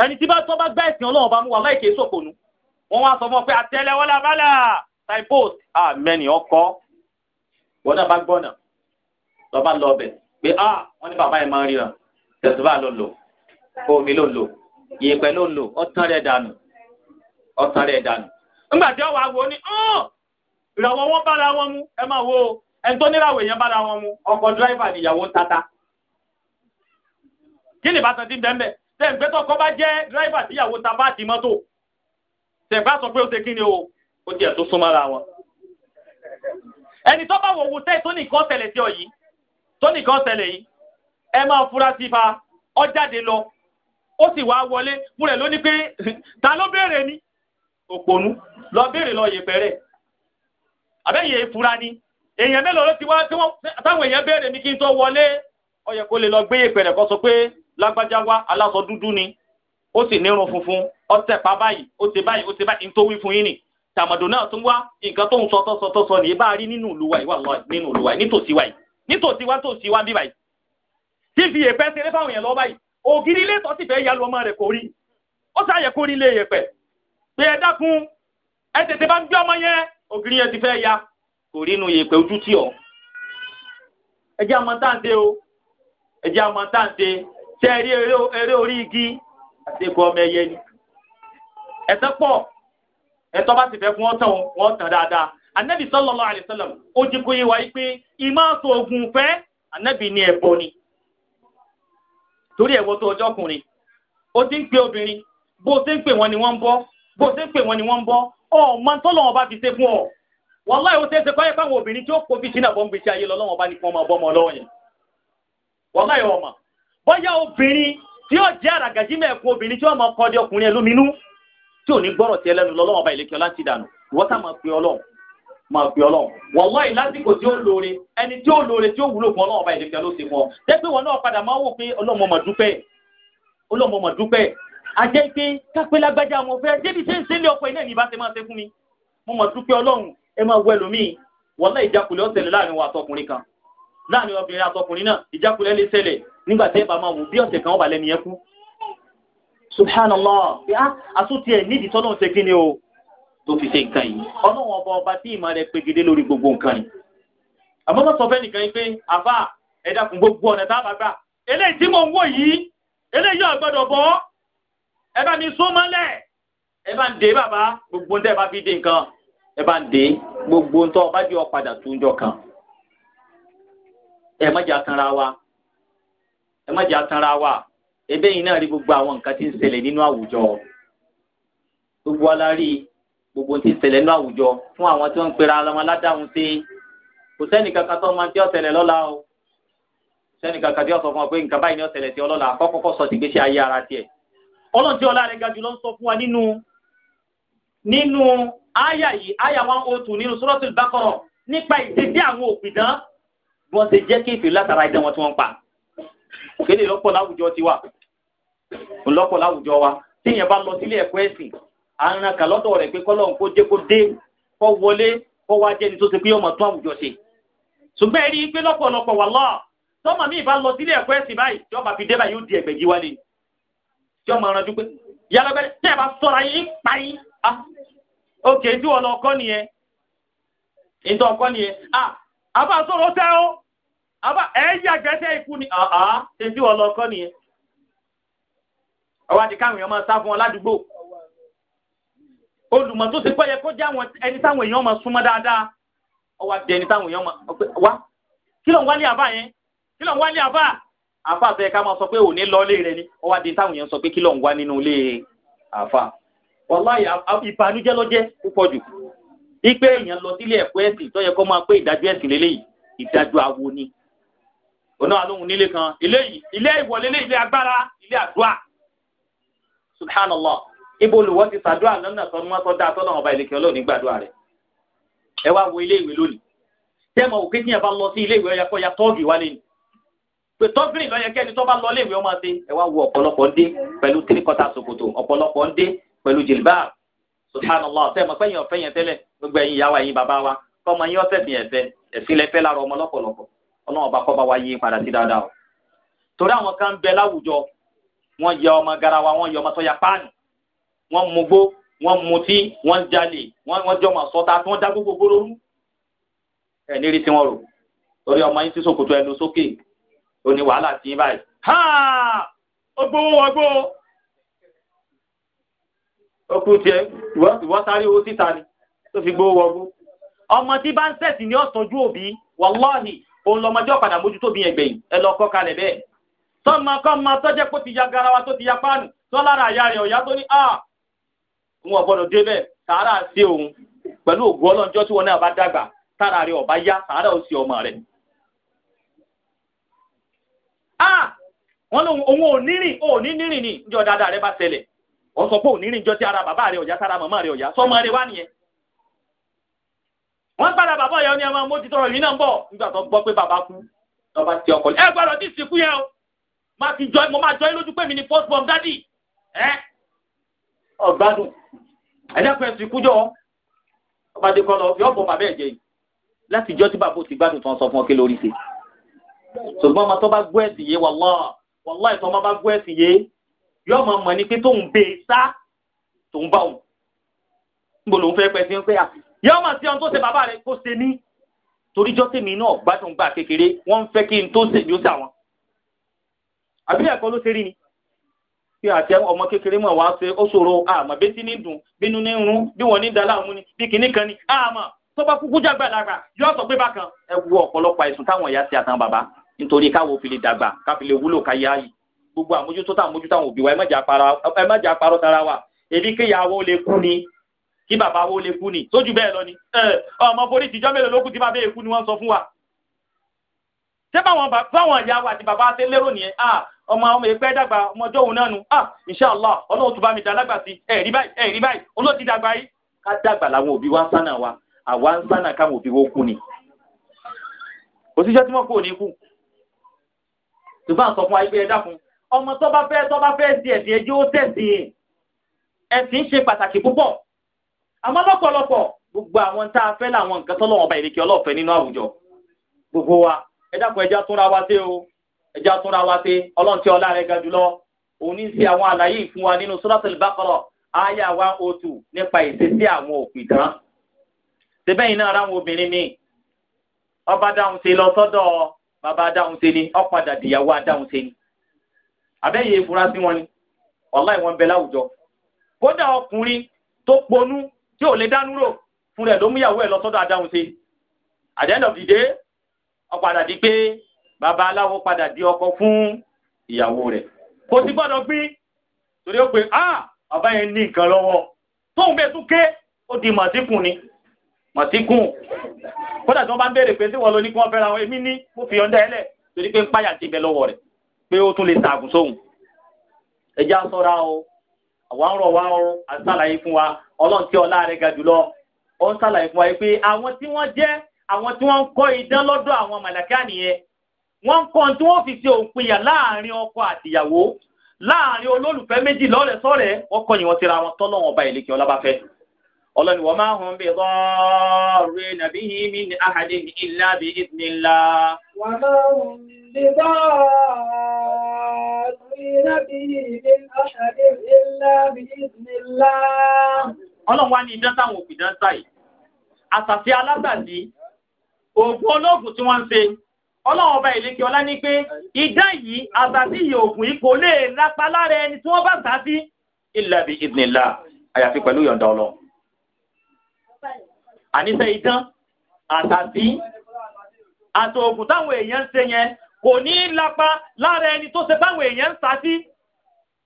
ẹni tí bá tọ́ bá gbá ẹ̀sìn ọlọ́run bá mú wa láì wọ́n wá sọ fún ọ pé àtẹ́lẹwọ́ làbálà signpost àmẹ́ni ọkọ́ wọn náà bá gbọ́nà lọ́ba lọ ọbẹ̀ pé ah wọ́n ní bàbá yẹn máa ń ríran ló lò omi ló lò yèèpẹ̀ ló lò ọ̀tán rẹ̀ dànù ọ̀tán rẹ̀ dànù. nígbà tí ọwọ́ àwọ̀ ni ìràwọ̀ wọn wọn mú ẹ tẹ̀gbẹ́ tọkọ bá jẹ́ dírẹ́fà tíyàwó ta bá ti mọ́tò tẹ̀gbá sọ pé ó ṣe kí ni o ó tiẹ̀ tó súnmọ́ ara wọn. ẹni tó bá wò wò tẹ́ tó tẹ̀lẹ̀ yìí ẹ máa fura sí fa ọ jáde lọ ó sì wá wọlé fún rẹ̀ ló pé ta ló béèrè ni òpònú lọ béèrè lọ yèpẹ̀rẹ̀ àbẹ́yẹ fura ni èèyàn mélòó ló ti wá táwọn èèyàn béèrè mi kí n tó wọlé ó yẹ kó lè lọ gbé yèpẹ̀rẹ̀ kó sọ pé lágbájá wá aláṣọ dúdú ni ó sì nírun funfun ó tẹ̀pá báyìí ó ṣe báyìí ó ṣe báyìí nítorí fún yín ni tàmọ̀dò náà tún wá nǹkan tó ń sọ tọ́sọ tọ́sọ nìyí bá a rí nínú ìlú wa yìí wà lọ nínú ìlú wa yìí nítòsí wa yìí nítòsí wa tòsí wa bí báyìí fífi èèpẹ̀ ṣeré fáwọn èèyàn lọ báyìí ògiri ilé tó sì fẹ́ ya lu ọmọ rẹ̀ kò rí ó ṣàyẹ̀ kó rí ilé èèpẹ̀ pé ẹ dákun ẹ tètè bá ń gbé ọmọ yẹn ògiri yẹn ti fẹ́ ya kò rí inú èèpẹ̀ ojú tí ọ ẹ jẹ́ àmọ́ tá o ẹ jẹ́ àmọ́ tá à ṣe eré eré orí igi àti egbò ọmọ ẹyẹ ni ẹ̀ṣẹ̀ pọ̀ ẹ̀tọ́ bá ti fẹ́ fún ọtàn wọn tàn dáadáa anabi sallallahu alayhi wa sallam ó jí kó yé wa pé ìmọ̀ àti fẹ́ anabi ní ẹbọ ni torí ẹ̀wọ́ tó ọjọ́ ọkùnrin ó ti ń pe obìnrin bó ti ń pè wọ́n ni wọ́n ń bọ́ bó ti ń pè wọ́n ni wọ́n ń bọ́ ọmọ tó lọ́wọ́ bá fi ṣe fún ọ wàláì ó ṣe é ṣe kọ́ ẹ̀ fáwọn obìnrin tí ó kó fi sínú àbọ̀ǹgbèsí ayé lọ́wọ́ bá ní kí wọ́n máa bọ́ ọmọ lọ́wọ́ yẹn wàláì ọmọ bọ́yá obìnrin tí yóò jẹ́ àràgàjímẹ̀ ẹ̀kọ́ obìnrin tí wọ́n máa kọ́ di ọkùnrin ẹlóminú tí ò ní gbọ́rọ̀ tiẹ̀ lẹ́nu lọ́lọ́wọ́ ọba ìlẹ́kẹ́ ọlá ti dànù ìwọ́n sá máa pe ọlọ́run máa pe ọlọ́run wàláhì lásìkò tí ó lóore ẹni tí ó lóore tí ó wúlò fún ọba ìlẹ́kẹ́ ló fún ọ wọn náà padà máa wò pé dúpẹ́ ajẹ́ pé kápẹ́ lágbájá fẹ́ ẹ láàrin obìnrin àtọkùnrin náà ìjákulẹ̀ lè ṣẹlẹ̀ nígbà tí ẹ bá máa wò bí ọ̀sẹ̀ kan ó bà lẹ́nu yẹn kú. subhanallah àtúntì ah, ẹ̀ nídìí tọ́lọ́ ṣe kí ni o tó fi ṣe nǹkan yìí ọlọ́run ọba ọba tí ìmọ̀ rẹ̀ pegedé lórí gbogbo nǹkan yìí. àmọ́ mọ́ sọ fẹ́ nìkan yìí pé àbá ẹ dákun gbogbo ọ̀nà tá a bá gbà eléyìí tí mò ń wò yìí eléyìí ọ̀gbọ́dọ̀ bọ́ ẹ bá mi sún mọ́lẹ̀ ẹ bá ń dé bàbá gbogbo ń tẹ́ bá fi dé nǹkan ẹ bá ń dé gbogbo ń tọ́ bá di ọ padà tó ń jọ kan ẹ má jà tanra wa ẹ má jà tanra wa ebe yìí náà rí gbogbo àwọn nǹkan tí ń ṣẹlẹ̀ nínú àwùjọ gbogbo alárí gbogbo tí ń ṣẹlẹ̀ nínú àwùjọ fún àwọn tí wọ́n ń pera ọmọ aládàáhùn sí kò sẹ́ni kankan tó máa ń tí ó ṣẹlẹ̀ lọ́la o sẹ́ni kankan tí ó sọ fún ọ pé nǹkan báyìí ni ó ṣẹlẹ̀ tí ọlọ́la àkọ́kọ́kọ́ sọ ti gbèsè ayé ara tiẹ̀ ọlọ́run ọlá rẹ̀ ga jùlọ ń sọ fún wa nínú nínú áyà yìí áyà one oh two nínú Suratul Baqarah nípa ìṣesí wọ́n ṣe jẹ́ kéèfé látara ìdá wọn tí wọ́n pa kéde lọ́pọ̀ láwùjọ tiwa lọ́pọ̀ láwùjọ wa téèyàn bá lọ sílé ẹ̀kọ́ ẹ̀sìn àrùn kan lọ́dọ̀ rẹ̀ pé kọ́lọ́hún kó dé kó dé kó wọlé kó wá jẹ́ni tó ṣe pé ọmọ tún àwùjọ ṣe ṣùgbọ́n ẹ rí i pé lọ́pọ̀lọpọ̀ wà lọ́ọ̀ tọ́mọ mi ìbá lọ sílé ẹ̀kọ́ ẹ̀sìn báyìí tí ọmọ àfi dé báyìí yóò di ẹ̀gbẹ̀jì wálé tí ọmọ arànjú pé yàrá tẹ́ ẹ bá sọ́ra yín pa yín ah ok tí wọ́n lọ kọ́ nìyẹn ìtọ́ kọ́ nìyẹn ah àbá sọ̀rọ̀ sẹ́ aba ẹ yàgbẹ́ tẹ́ ikú ni àhá ṣe tí wọ́n lọ kọ́ nìyẹn ọwọ́ àti káwọn èèyàn máa sá fún ọ ládùúgbò olùmọ̀ tó ṣe pé yẹ kó jẹ́ àwọn ẹni táwọn èèyàn máa súnmọ́ dáadáa ọwọ́ àti ẹni táwọn èèyàn máa wá kí ló ń wálé àbá yẹn kí ló ń wálé àbá àfa àfẹ ká máa sọ pé òní lọlé rẹ ni ọwọ́ àti táwọn èèyàn sọ pé kí ló ń wá nínú ilé àfa wàláyé ìbànújẹ́ ló púpọ̀ ipe èèyàn lọ sílé ẹ̀kọ́ ẹ̀sìn tó yẹ kó máa pé ìdájọ́ oná àlóhùn nílé kan ilé yìí ilé ìwọlé ilé ilé agbára ilé àdúrà subhanallah ibo olùwọ́ ti sàdúrà lọ́nà tó mọ́ tó dáa tó náà ọba ìlẹ̀kẹ́ ọlọ́ọ̀ni gbàdúrà rẹ̀ ẹ wá wo ilé ìwé lónìí tẹ́mọ̀ òkè tí yẹn bá lọ sí ilé ìwé ọyà kọ́ ya tọ́ọ̀gì wálé ni pé tọ́gìrì lọ́yẹ kẹ́ni tó bá lọ ilé ìwé ọmọ ṣe ẹ wá wo ọ̀pọ̀lọpọ̀ ń dé pẹ̀lú tíríkọ́tà ṣòkòtò ọ̀pọ̀lọpọ̀ ń dé subhanallah tẹ́mọ̀ fẹ́yìn ọ̀fẹ́ yẹn gbogbo ẹ̀yin ìyá wa ẹ̀yin bàbá wa kọ́mọ ọlọ́run ọba kọ́ bá wa yí padà sí dáadáa o torí àwọn kan ń bẹ láwùjọ wọ́n yẹ ọmọ garawa wọ́n yẹ ọmọ sọ́yà páànì wọ́n mugbó wọ́n mutí wọ́n jalè wọ́n jọmọ sọ́ta tí wọ́n dá gbogbo gbóróró ẹ̀ ní tí wọ́n rò torí ọmọ yín sí ṣòkòtò ẹnu sókè ó ní wàhálà tí yín báyìí ha ọgbó ọgbó okú tiẹ̀ ìwọ́n sáré owó síta ni tó fi gbówó ọgbó ọmọ tí bá ń sẹ̀sì ní ọ̀sán ojú òbí wàláhì òun lọmọdé ọ̀padà mójútó bí yẹn gbẹ̀yìn ẹ lọ kọ́ kalẹ̀ bẹ́ẹ̀ tọ́mọ kọ́mọ tọ́jẹ́ pé ó ti ya garawa tó ti ya páànù tọ́ lára àyà rẹ̀ ọ̀yá tó ní a ah! wọn gbọ́dọ̀ bẹ́ẹ̀ sàárà sí òun pẹ̀lú ògùn ọlọ́njọ́ tí wọn náà bá dàgbà tára rẹ̀ ọ̀bá yá sàárà ó ọmọ rẹ̀. a ah! wọn òun ò nírìn ní ara bàbá rẹ̀ ọ̀yá rẹ̀ wọ́n padà bàbá ọ̀yà ni ẹ máa mójútó ọ̀rọ̀ yìí náà ń bọ̀ nígbà tó gbọ́ pé bàbá kú lọ́ba ti ọkọ̀ ẹ gbọ́dọ̀ tí ìsìnkú yẹn o máa fi jọ mo máa jọ yín lójú pé mi ni first born daddy ẹ ọ̀gbádùn ẹ̀dẹ́kun ẹ̀sìn ìkú jọ ọbàdé kọ́ lọ yọ bọ̀ bàbá ẹ̀ jẹ yìí láti jọ́ tí bàbá ò ti gbádùn tó ń sọ fún ọ kí lórí ṣe ṣùgbọ́n ọmọ tó bá gbọ́ ẹ̀sìn yé wàlá wàlá ìtọ́ ọmọ bá gbọ́ ẹ̀sìn yé yọ ọmọ mọ̀ é yọ máa ṣe ohun tó ṣe bàbá rẹ kó ṣe ní toríjọ́ tèmi náà gbádùn gbà kékeré wọ́n ń fẹ́ kí n tó ṣe ní ó ṣà àbí ẹ̀kọ́ ló ṣe rí ni pé àti ọmọ kékeré mọ̀ wá ṣe ó ṣòro àmọ́ bí tí ní dùn bínú ní rún bí wọ́n ní da láàmú ni bí kìíní kan ni àmọ́ tó bá kúkú jágbà lára yọ sọ pé bákan ẹ wo ọ̀pọ̀lọpọ̀ àìsùn táwọn ìyá ṣe àtàwọn bàbá nítorí káwọn òfin lè dàgbà káfí lè wúlò káyé ayé gbogbo àmójútó táwọn àmójútó àwọn òbí wa ẹ má jà parọ́ tara wa èdè kéyàwó lè kú ni kí bàbá wo lè kú ni sójú bẹ́ẹ̀ lọ ni ọmọ forí ìtìjọ́ mélòó ló kù tí bàbá èkú ni wọ́n sọ fún wa ṣé báwọn báwọn ìyá wa àti bàbá ṣe lérò nìyẹn ọmọ ọmọ ìpẹ́ dàgbà ọmọjọ́ òun náà nu inṣàlá ọlọ́run tó bá mi dá lágbà sí ẹ̀rí báyìí ẹ̀rí báyìí olóò ti dàgbà yìí ká dàgbà làwọn òbí wa ń sánà wa àwa ń sánà káwọn òbí wo kú ni òṣìṣẹ́ tí wọ́n kú ò ní kú ṣùgbọ́n sọ fún wa pé ẹ dákun ọmọ tó bá fẹ́ tó bá fẹ́ di ẹ̀sìn ẹjọ́ tẹ̀sìn ẹ̀sìn ṣe pàtàkì púpọ̀ àmọ́ lọ́pọ̀lọpọ̀ gbogbo àwọn tá a fẹ́ làwọn nǹkan tọ́lọ́wọ́n ọba ìrèké ọlọ́ọ̀fẹ́ nínú àwùjọ gbogbo wa ẹ dákun ẹja túnra wa ṣe o ẹja túnra wa ṣe ọlọ́run tí ọlá rẹ̀ ga jùlọ òun ní ṣe àwọn àlàyé ìfún wa nínú suratul baqara aya one o two nípa ìṣesí àwọn òpìtàn síbẹ̀ yìí náà ráwọn obìnrin míì ọba dáhùn ṣe lọ sọ́dọ̀ bàbá dáhùn ṣe ni ọ̀padà dìyàwó adáhùn ṣe ni àbẹ́yẹ ìfurasí wọn ni wàláì wọn bẹ láwùjọ kódà ọkùnrin tó ponú tí ò lè dánú rò fún rẹ̀ ló mú ìyàwó ẹ̀ lọ sọ́dọ̀ adáhùn ṣe at the end of the day ó padà di pé bàbá aláwo padà di ọkọ fún ìyàwó rẹ̀ kò sí gbọ́dọ̀ gbín torí ó pé ah bàbá yẹn ní nǹkan lọ́wọ́ tóun bẹ́ẹ̀ tún ké ó di màtíkùn ni màtíkùn kódà tí wọ́n bá ń béèrè pé síwọ́n ló ní kí wọ́n fẹ́ra wọn èmi ní mo fi ọ̀ndà ẹlẹ̀ torí pé ń páyà ti bẹ lọ́wọ́ rẹ̀ pé ó tún lè sàgùn sóhun ẹja ṣọ́ra o àwa ń rọ̀ wá o à ń fún wa ọlọ́run tí ọlá rẹ̀ ga jùlọ ó ń sàlàyé fún wa pé àwọn tí wọ́n jẹ́ àwọn tí wọ́n ń kọ́ idán lọ́dọ̀ àwọn màlàíkà nìyẹn wọ́n ń kọ́ tí wọ́n fi ṣe òpinya láàrin ọkọ àtìyàwó láàrin olólùfẹ́ méjì lọ́rẹ̀ sọ́rẹ̀ wọ́n kọ́ ni wọ́n ti ra wọn tọ́lọ́ wọn ba ìlẹ̀kì ọlábàfẹ́ ọlọ́ni wọ́n يأتين به من أحد إلا بإذن الله ọlọ́run wá ní idán táwọn òpìdán ń sáyì àtàtì alátàdí oògùn olóògùn tí wọ́n ń ṣe ọlọ́run ọba ìlékè ọlá ní pé idán yìí àtàtì yìí oògùn yìí lè lápá lára ẹni tí wọ́n bá sá sí illa bi idhnillah àyàfi pẹ̀lú yọ̀ǹda ọlọ́run. àníṣe idán àtàtì àtòògùn táwọn èèyàn ń ṣe yẹn kò ní í lapa lára ẹni tó ṣe báwọn èèyàn ń sá sí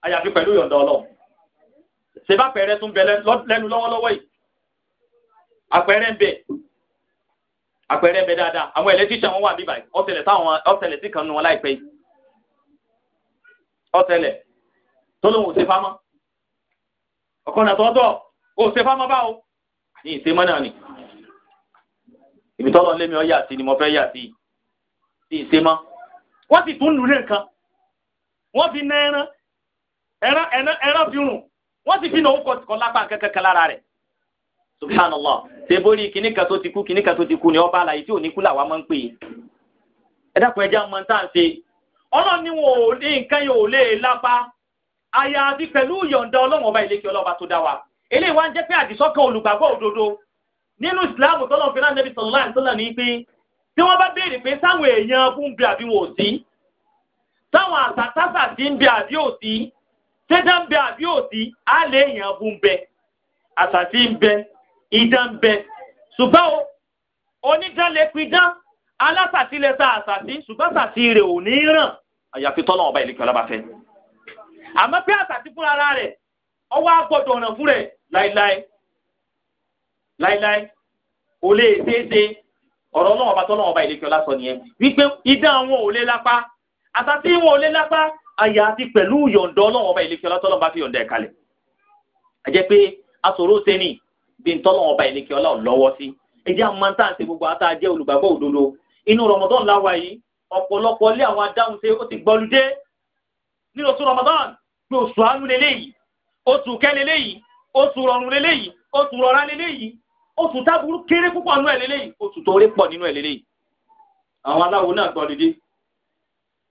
àyàfi pẹ̀lú yọ̀ǹda ọlọ́run ṣe bá pẹ̀rẹ tún bẹ lẹ́nu lọ́wọ́lọ́wọ́ yìí àpẹẹrẹ ń bẹ àpẹẹrẹ ń bẹ dáadáa àwọn ẹlẹtíṣà wọn wà bíbà ọ̀sẹ̀lẹ̀ táwọn ọ̀sẹ̀lẹ̀ sí kan nu wọn láìpẹ́ yìí ọ̀sẹ̀lẹ̀ tó lóun ò ṣe fámọ́ ọkọ̀nà tọ́tọ̀ ò ṣe fámọ́ báwo ní ìṣemọ́ náà ni ìbítọ́lọ́ lémi ọ́ yà sí ni mo fẹ́ yà sí ní ìṣemọ́ wọ́n sì tún lù ní nǹkan wọ́n fi ná ẹran ẹran ẹran ẹran fi rùn wọ́n sì fi náà ó kọ kọ lápá kẹkẹkẹ lára rẹ̀ subhanallah tebori kìnnì kan tó ti kú kìnnì kan tó ti kú ni ọba àlàyé tí ò ní kú làwa máa ń pè é ẹ dákun ẹjẹ àwọn tá à ṣe ọlọ́run ni wọn ò ní nǹkan yìí ò lè lápá aya àti pẹ̀lú ìyọ̀ǹda ọlọ́run ọba ìlẹ́kẹ̀ ọlọ́ba tó dá wa eléyìí wá ń jẹ́ pé àdìsọ́kàn olùgbàgbọ́ òdodo nínú ìsìláàmù tọ́lọ́ fi rán nẹ́bí sọ̀rọ̀ láì sọ́lá ní pé tí wọ́n bá béèrè pé sáwọn èèyàn kún bí àbí wọn ò sí sáwọn àtàtàtà sí ń bí àbí ò sí tẹ́tà ń bẹ àbí ò sí á lè èèyàn kún bẹ àtàtì ń bẹ idán ń bẹ ṣùgbọ́n o onídán lè pidán alásàtì lè ta àsàtì ṣùgbọ́n àsàtì rẹ̀ ò ní ràn àyàfi tọ́lọ́ ọba ìlẹ̀kẹ́ ọlọ́ba fẹ́ àmọ́ pé àsàtì fúnra rẹ̀ ọwọ́ àgbọ̀dọ̀ ọ̀ràn fún rẹ̀ láíláí láíláí kò lè ṣeé ṣe. ọ̀rọ̀ náà ọba tọ́lọ́ ọba ìlẹ́kẹ́ ọlá sọ nìyẹn wípé idán wọn ò lè lápá àtàtì wọn ò lè lápá àyà àti pẹ̀lú yọ̀ǹdọ́ ọlọ́wọ́n ọba ìlẹ́kẹ́ ọlá tọ́lọ́ bá fi ẹ̀ kalẹ̀ ẹ jẹ́ pé aṣòro bí ọba ìlẹ́kẹ́ ọlá lọ́wọ́ sí ẹ jẹ́ àwọn gbogbo ata jẹ́ olùgbàgbọ́ òdodo inú Ramadan yìí ọ̀pọ̀lọpọ̀ lé àwọn adáhùn oṣù táburú kéré púpọ̀ nínú ẹ̀ lélẹ́yìí oṣù tó rí pọ̀ nínú ẹ̀ lélẹ́yìí àwọn aláwo náà gbọ́lidé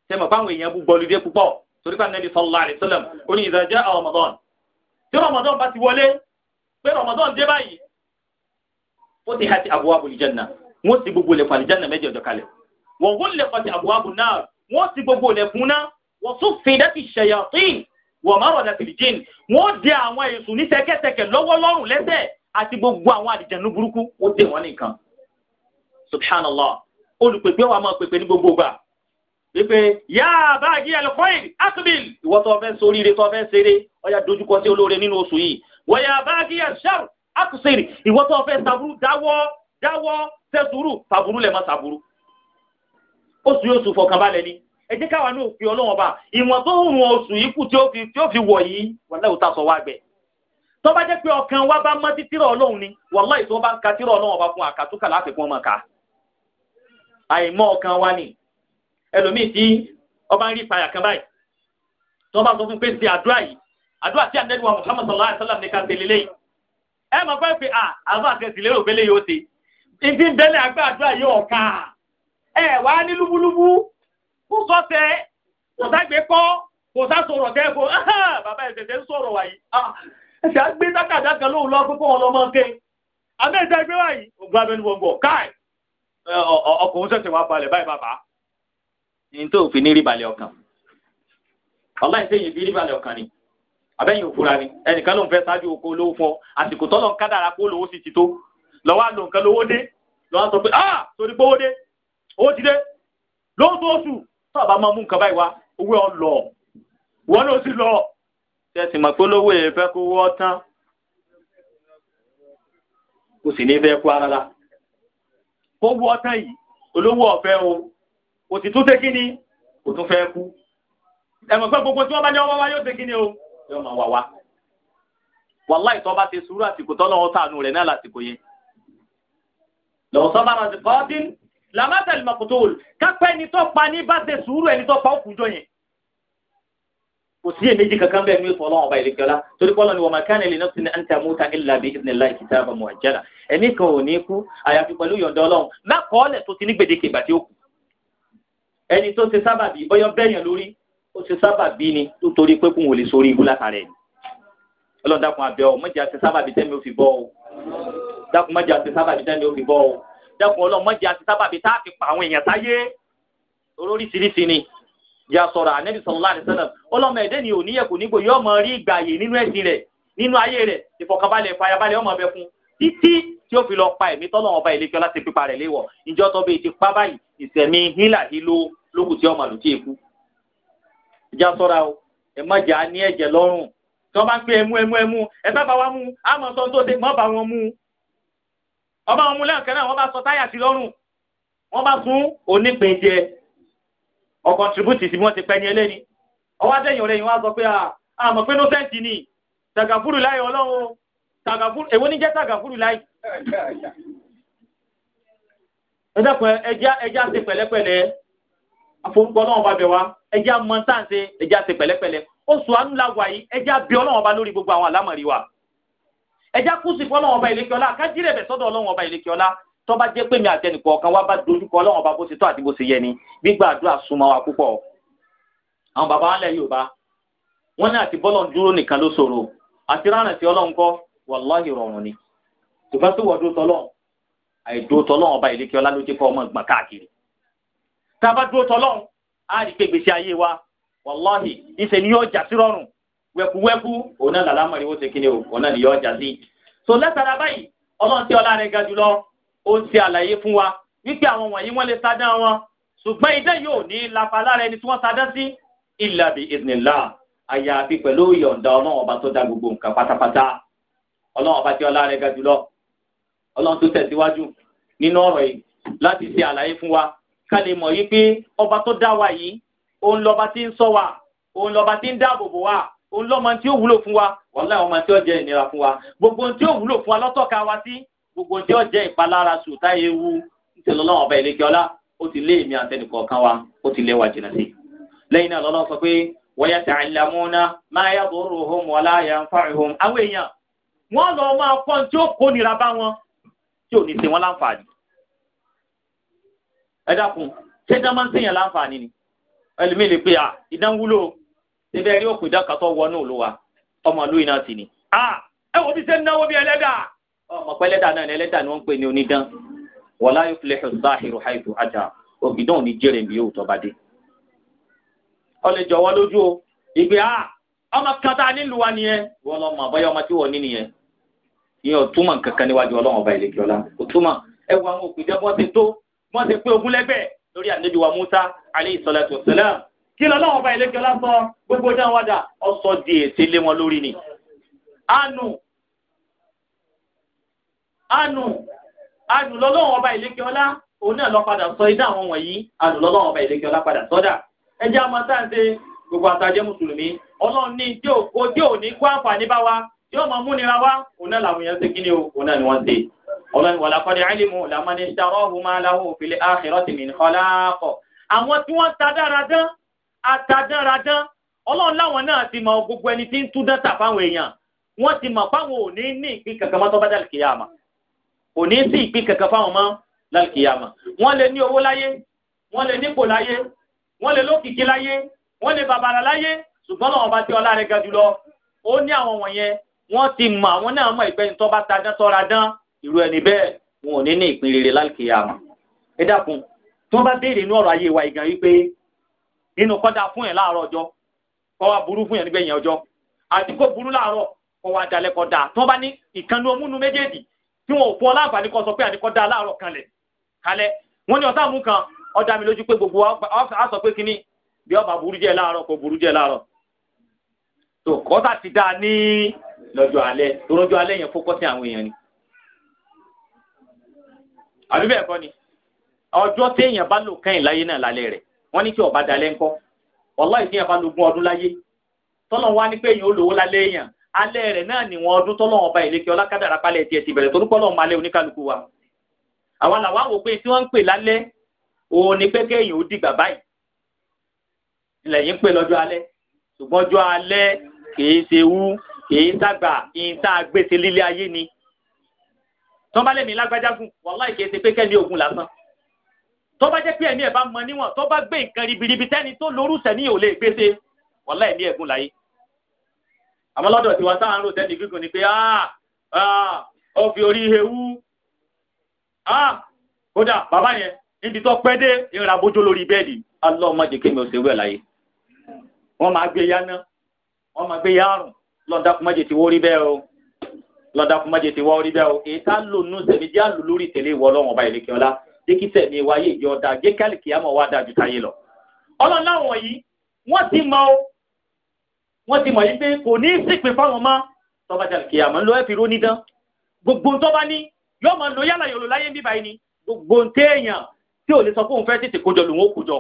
sẹ́mọ̀ báwọn èèyàn bú gbọ́lidé púpọ̀ torí pé nẹ́bí sallallahu alaihi wasallam ó ní idha jaa Ramadan tí Ramadan bá ti wọlé pé Ramadan dé báyìí ó ti hàti abwabul janna wọ́n ti gbogbo lẹ̀kùn àlìjánà méjì ọ̀dọ̀ kalẹ̀ wọ́n wọ́n lẹ̀kùn àti abwabun nar wọ́n ti gbogbo lẹ̀kùn náà wọ́n tún fìdátì shayatin wọ́n wọ́n di àwọn èsùn ní àti gbogbo àwọn àdìjẹ̀nu burúkú ó dè wọ́n nìkan subhanallah olùpèpè wa máa pèpè ní gbogbo gbà pípé yáa báàgì ẹlẹ́kọ́ìn akubil ìwọ tó fẹ́ sórí ire tó fẹ́ ṣeré ọ̀yà dojúkọ sí olóore nínú oṣù yìí wọ̀yà báàgì ẹ̀ṣẹ́r akusiri ìwọ tó fẹ́ sàbúrú dáwọ́ dáwọ́ sẹ́sùrù sàbúrú lẹ̀ má sàbúrú oṣù yóò sùn fọkànbalẹ̀ ni ẹ jẹ́ káwa ní òfin ọlọ́wọ́n bá ìwọ̀n tó hùn oṣù yìí kù tí ó fi wọ̀ yìí wàlẹ́ òtá sọ wá gbẹ̀ tó bá jẹ́ pé ọkàn wa bá mọ́ títírọ̀ ọlọ́run ni wàláì tó bá ń ka tírọ̀ ọlọ́run ọba fún àkàtúkà láti fún ọmọ ká àìmọ́ ọkàn wa ni ẹlòmíì tí ọba ń rí ìpayà kan báyìí tó bá sọ fún pé ṣe àdúrà yìí àdúrà tí àdẹ́nu wa Muhammad sallallahu alayhi wa sallam ní ká tẹ̀lé lẹ́yìn ẹ mọ̀ pé pé àwọn àtẹ̀sí lérò bẹ́lẹ̀ yóò ṣe ìdí bẹ́lẹ̀ àgbà àdúrà yóò ọ̀ka ẹ wá ní lúbúlúbú kó sọ́sẹ̀ kò ságbé kọ́ kò sá sọ̀rọ̀ tẹ́ kó bàbá ẹ̀ tẹ̀sẹ̀ ń sọ̀rọ̀ wáyé ẹsẹ̀ agbe gbé tákàdá kan lóhùn lọ pípọ̀ wọn lọ mọ́ ké amẹ́ta ẹgbẹ́ wáyé ògùn abẹ́nu gbọ̀ngàn káì ọkùnrin ṣẹ̀ṣẹ̀ wá balẹ̀ báyìí bàbá ní ọkàn ọkàn ni abẹ́yìn òfura ni ẹnìkan ló ń ṣáájú oko olówó fọ àsìkò tọ́lọ̀ ń kádàrà kó lówó sì ti tó lọ́wọ́ nǹkan lówó dé lọ́wọ́ ah torí pé owó dé owó ti dé tó àbá máa mú nǹkan báyìí wá tẹ̀sí mọ̀ pé olówó èyí fẹ́ kó wọ́ tán kò sì ní fẹ́ kó ara la kó wọ́ tán yìí olówó ọ̀fẹ́ o kò sì tún ṣe kí ni kò tún fẹ́ kú ẹ̀mọ̀ pé gbogbo tí wọ́n bá ní ọwọ́ wa yóò ṣe kí ni o yóò máa wà wá wàláì tó bá ti sùúrù àsìkò tọ́lọ́wọ́ sànù rẹ̀ náà lásìkò yẹn lọ́wọ́ sọ́ba rẹ̀ kọ́ dín làmásàlì mọ̀kòtò kápẹ́ ẹni tó pa ní bá ṣe sùúrù ẹni tó kò sí èméjì kankan bẹ́ẹ̀ ní ìfọ̀lọ́ ọba ìlẹ́gbẹ̀ọ́lá torí pọ́lọ́ ni wa ma kana li nafsin an tamuta illa bi idhnillahi kitaban muajjala ẹ̀mí kan ò ní kú àyàfi pẹ̀lú yọ̀ǹda ọlọ́run má kọ́ ọ́lẹ̀ tó ti ní gbèdéke ìgbà tí ó kù ẹni tó ṣe sábàbí bọ́yọ́ bẹ́yàn lórí ó ṣe sábàbí ni nítorí pé kò wọ́n lè sórí ibú látàrẹ̀ ni ọlọ́run dákun abẹ́ ọ yà sọ̀rọ̀ ànẹ́bí sallallahu alaihi wasallam ọlọ́mọ ẹ̀dẹ́ ni òníyẹ kò nígbò yóò mọ rí ìgbà yìí nínú ẹ̀sìn rẹ̀ nínú ayé rẹ̀ ìfọ̀kànbalẹ̀ ìfàyàbalẹ̀ ọmọ ọbẹ̀ fún títí tí ó fi lọ pa ẹ̀mí tọ́lọ̀ ọba ìlẹ́kẹ́ láti pípa rẹ̀ léwọ̀ ìjọ tó bẹ́ẹ̀ ti pa báyìí ìsẹ̀mí hílà hílò lókù tí ọmọ àlùtí èkú. ìjà sọ̀ra o ẹ má jà á ní ẹ̀jẹ̀ lọ́rùn tí wọ́n bá ń pè ẹmu ẹmu ẹmu ẹ sábà wá mú àmọ́ sọ tó ṣe mọ́ bá wọn mú. ọba wọn mú lẹ́ẹ̀kẹ́ náà wọ́n bá sọ táyà sí lọ́rùn wọ́n bá sún onípéjẹ ọ kọntribútì tí wọ́n ti pẹ́ ní eléyìí ọwọ́ àtẹ̀yìn ọ̀rẹ́ yìí wọ́n á sọ pé àmọ̀ ah, pé nọ́sẹ̀ǹtì ni tàgàfúrù láì ọlọ́run tàgàfúrù èwo ní jẹ́ tàgàfúrù láì. ẹ dákun ẹja ẹja ṣe pẹ̀lẹ́pẹ̀lẹ́ àforúkọ ọlọ́run bá bẹ̀ wá ẹja mọ táǹṣe ẹja ṣe pẹ̀lẹ́pẹ̀lẹ́ oṣù àánú la wà yìí ẹja bí ọlọ́run bá lórí gbogbo àwọn àlámọ̀rí wa ẹja kùsì fọlọ́run ọba ìlẹ́kẹ́ọ́lá kájírẹ̀bẹ̀ sọ́dọ̀ ọlọ́run ọba ìlẹ́kẹ́ọ́lá tó bá jẹ́ pé mi àtẹnìkọ̀ ọ̀kan wá bá dojúkọ ọlọ́run ọba bó ṣe tọ́ àti bó ṣe yẹ ni gbígbà àdúrà súnmọ́ wa púpọ̀ àwọn bàbá wa lẹ̀ Yorùbá wọ́n ní àti bọ́lọ̀ dúró nìkan ló ṣòro àti rárẹ̀ tí ọlọ́run kọ́ wàláhì rọrùn ni ṣùgbọ́n tó wọ́n dúró tọ́lọ́run àìdúró tọ́lọ́run ọba ìlékè ọlá ló jẹ́ kọ́ ọmọ ìgbà káàkiri tá a bá dúró tọ́lọ́run á rí pé gbèsè ayé wa wàláhì ìṣe ni yóò jà sí rọrùn wẹkuwẹku òun náà làlámọ̀ ni wọ́n ṣe kí o òun náà ni yóò jà sí. so lẹ́sàrà báyìí ọlọ́run tí ọlá rẹ̀ ga jùlọ ó ń ṣe àlàyé fún wa wípé àwọn wọ̀nyí wọ́n lè sadán wọn ṣùgbọ́n idán yóò ní lápá lára ẹni tí wọ́n sadán sí illa bi iznillah àyàfi pẹ̀lú ìyọ̀ǹda ọlọ́run ọba tó dá gbogbo nǹkan pátápátá ọlọ́run ọba tí ọlá rẹ̀ ga jùlọ ọlọ́run tó tẹ̀síwájú nínú ọ̀rọ̀ yìí láti ṣe àlàyé fún wa ká lè mọ̀ yìí pé ọba tó dá wa yìí òun lọ́ba tí ń ṣọ́ wa òun lọ́ba tí ń dáàbò wa òun lọ́mọ tí ó wúlò fún wa wàláhì ọmọ tí ó jẹ́ ìnira fún wa gbogbo tí ó wúlò fún wa lọ́tọ̀ka wa sí gbogbo tí ó jẹ́ ìpalára sùtá ewu nítorí ọlọ́run ọba ìlẹ́kẹ́ ọlá ó ti lé èmi àtẹnìkọ̀ọ̀kan wa ó ti lé wa jìnnà sí. lẹ́yìn náà lọ́lọ́ sọ pé wọ́yẹ tẹ̀ àìlàmúná máa yá bòrò hom wọlá yà ń fa ìhom. àwọn èèyàn wọ́n lọ máa kọ́ tí ó kó nira bá wọn tí ò ní ṣe wọn láǹfààní. ẹ dákun ṣé dán máa ń ṣèyàn láǹfààní ni ẹlòmíì lè pe à ìdánwúlò ṣẹbẹ rí òkú ìdákàtọ wọnú òlùwà ọmọlúwìn náà sì ni. ẹ wò ti ṣe ń náwó bí ẹlẹ́dàá ọmọ pẹlẹdà náà ẹlẹ́dà ni wọ́n ń pè ní onídán wala yuflihu zahiru haythu ata ògìdán òní jèrè bí yóò tọba dé. ọlẹ́ jọ̀wọ́ lójú o ìgbé a ah, ọmọ kan tá a nílùú wa nìyẹn wọ́n lọ mọ àbáyọ ọmọ tí wọ́n ní nìyẹn ìyẹn ò túmọ̀ kankan níwájú ọlọ́run ọba ìlẹ̀kẹ́ ọlá kò túmọ̀ ẹ wo àwọn òpìdá bọ́n ti tó bọ́n ti pé ogún lẹ́gbẹ̀ẹ́ lórí ànábì wa Musa alayhi salatu wassalam kí lọ́lọ́run ọba ìlẹ̀kẹ́ ọlá gbogbo dáhùn wádà ọ̀sọ́ di ètè lé wọn lórí ni. anu Anu, anu lọ́lọ́run ọba ìlékè ọlá òun náà lọ padà sọ idá àwọn wọ̀nyí àánú lọ́lọ́run ọba ìlékè ọlá padà sọ́dà ẹjẹ́ àmọ́ tá à ń ṣe gbogbo àtàjẹ́ mùsùlùmí ọlọ́run ní tí ò tí ò ní kó àǹfààní bá wa tí ó mọ múnira wa òun náà làwọn èèyàn ṣe kí ni o òun náà ni wọ́n ṣe ọlọ́run wà lákọ́dẹ àìlèmọ̀ làmọ́ni ṣàrọ́ọ̀hún máa láhùn òfìlẹ̀ àṣírọ́tì mi kọ́láàkọ̀ àwọn tí wọ́n ta dáradán atadáradán ọlọ́run láwọn náà ti mọ gbogbo ẹni tí ń tú dán tà fáwọn èèyàn wọ́n ti mọ̀ fáwọn òní ní ìpín kankan mọ́tọ́ bá dàlùkì yá àmà kò ní sí ìpín kankan fáwọn mọ́ lálùkìyàmà wọ́n lè ní owó láyé wọ́n lè nípò láyé wọ́n lè lókìkí láyé wọ́n lè bàbàrà láyé ṣùgbọ́n náà wọ́n bá ti ọlá rẹ̀ ga jùlọ ó ní àwọn wọ̀nyẹn wọ́n ti mọ àwọn náà mọ ìgbẹ́yìn tó bá ta dán tọ́ra dán irú ẹni bẹ́ẹ̀ wọn ò ní ní ìpín rere lálùkìyàmà ẹ dákun tí wọ́n bá béèrè inú ọ̀rọ̀ ayé wa ìgàn wípé nínú kọ́dà fún yẹn láàárọ̀ ọjọ́ kọ́ wa burú fún yẹn nígbẹ̀yìn ọjọ́ àti burú láàárọ̀ kọ́ wa dalẹ̀ kọ́ da tí wọ́n bá ní ìkànnì omúnu méjèèjì tí wọn ò fún kan sọ pé àníkọ́ dá aláàárọ̀ kalẹ̀ kalẹ̀ wọ́n ni ọ̀sán mú kan ó mi lójú pé gbogbo wa sọ pé kínní bí ọba burú jẹ́ láàárọ̀ kò burú jẹ́ láàárọ̀ tó kọ́tà ti dáa ní lọ́jọ́ alẹ́ tó lọ́jọ́ alẹ́ yẹn sí àwọn èèyàn ni àbí bẹ́ẹ̀ kọ́ bá lò náà lálẹ́ rẹ̀ wọ́n ní kí ọba dalẹ́ ńkọ́ alẹ́ rẹ̀ náà ni wọ́n ọdún tọ́lọ́wọ́n ọba ìlékè ọlákàdàrà palẹ̀ tiẹ̀ ti bẹ̀rẹ̀ torúkọ́ lọ́wọ́ malẹ́ oníkálukú wa. àwa làwa wò pé tí wọ́n ń pè lálẹ́ òun ni pé kéèyàn ó dìgbà báyìí ilẹ̀ yìí ń pè lọ́jọ́ alẹ́ ṣùgbọ́n ọjọ́ alẹ́ kìí ṣe wú kìí sàgbà kìí sá gbèsè lílé ayé ni. tọ́balẹ̀ mi lágbájá gùn wàláì kìí ṣe pé kẹ́mi ògùn lásán tó bá jẹ́ pé ẹ̀mí ẹ̀ bá mọ níwọ̀n tó bá gbé nǹkan ribiribi tẹ́ni tó lórúṣẹ̀ ní òun àmọ́ lọ́dọ̀ tiwa táwọn rò tẹ́lẹ̀ gígùn ni pé ó fi orí ewu kódà bàbá yẹn níbi tó pẹ́ dé ìrìn àbójó lórí bẹ́ẹ̀dì alọ́mọdé kémi ò ṣèwé láyé wọ́n máa gbé yáná wọ́n máa gbé yárùn lọ́dà kúmọ́jẹ ti wọ́ rí bẹ́ẹ̀ o lọ́dà kúmọ́jẹ ti wọ́ rí bẹ́ẹ̀ o èyí tá lò nù sẹ̀mí díà lò lórí tẹ̀lé ìwọ ọlọ́run ọba ìlẹ̀kẹ́ ọlá jẹ́ kí wáyé ìjọ dáa jẹ́ kálíkì wá dáa táyé lọ. ọlọ́run yìí wọ́n ti mọ wọ́n ti mọ̀ yí pé kò ní í sìnkú fáwọn ọmọ tọ́ba jàlùkì àmọ́ ló ẹ̀ fi róní dán gbogbo ń tọ́ba ní yóò mọ̀ lọ yálà yòlò láyé bíbá yìí ni gbogbo ń téèyàn tí ò lè sọ fóun fẹ́ tètè kójọ lòun ó kójọ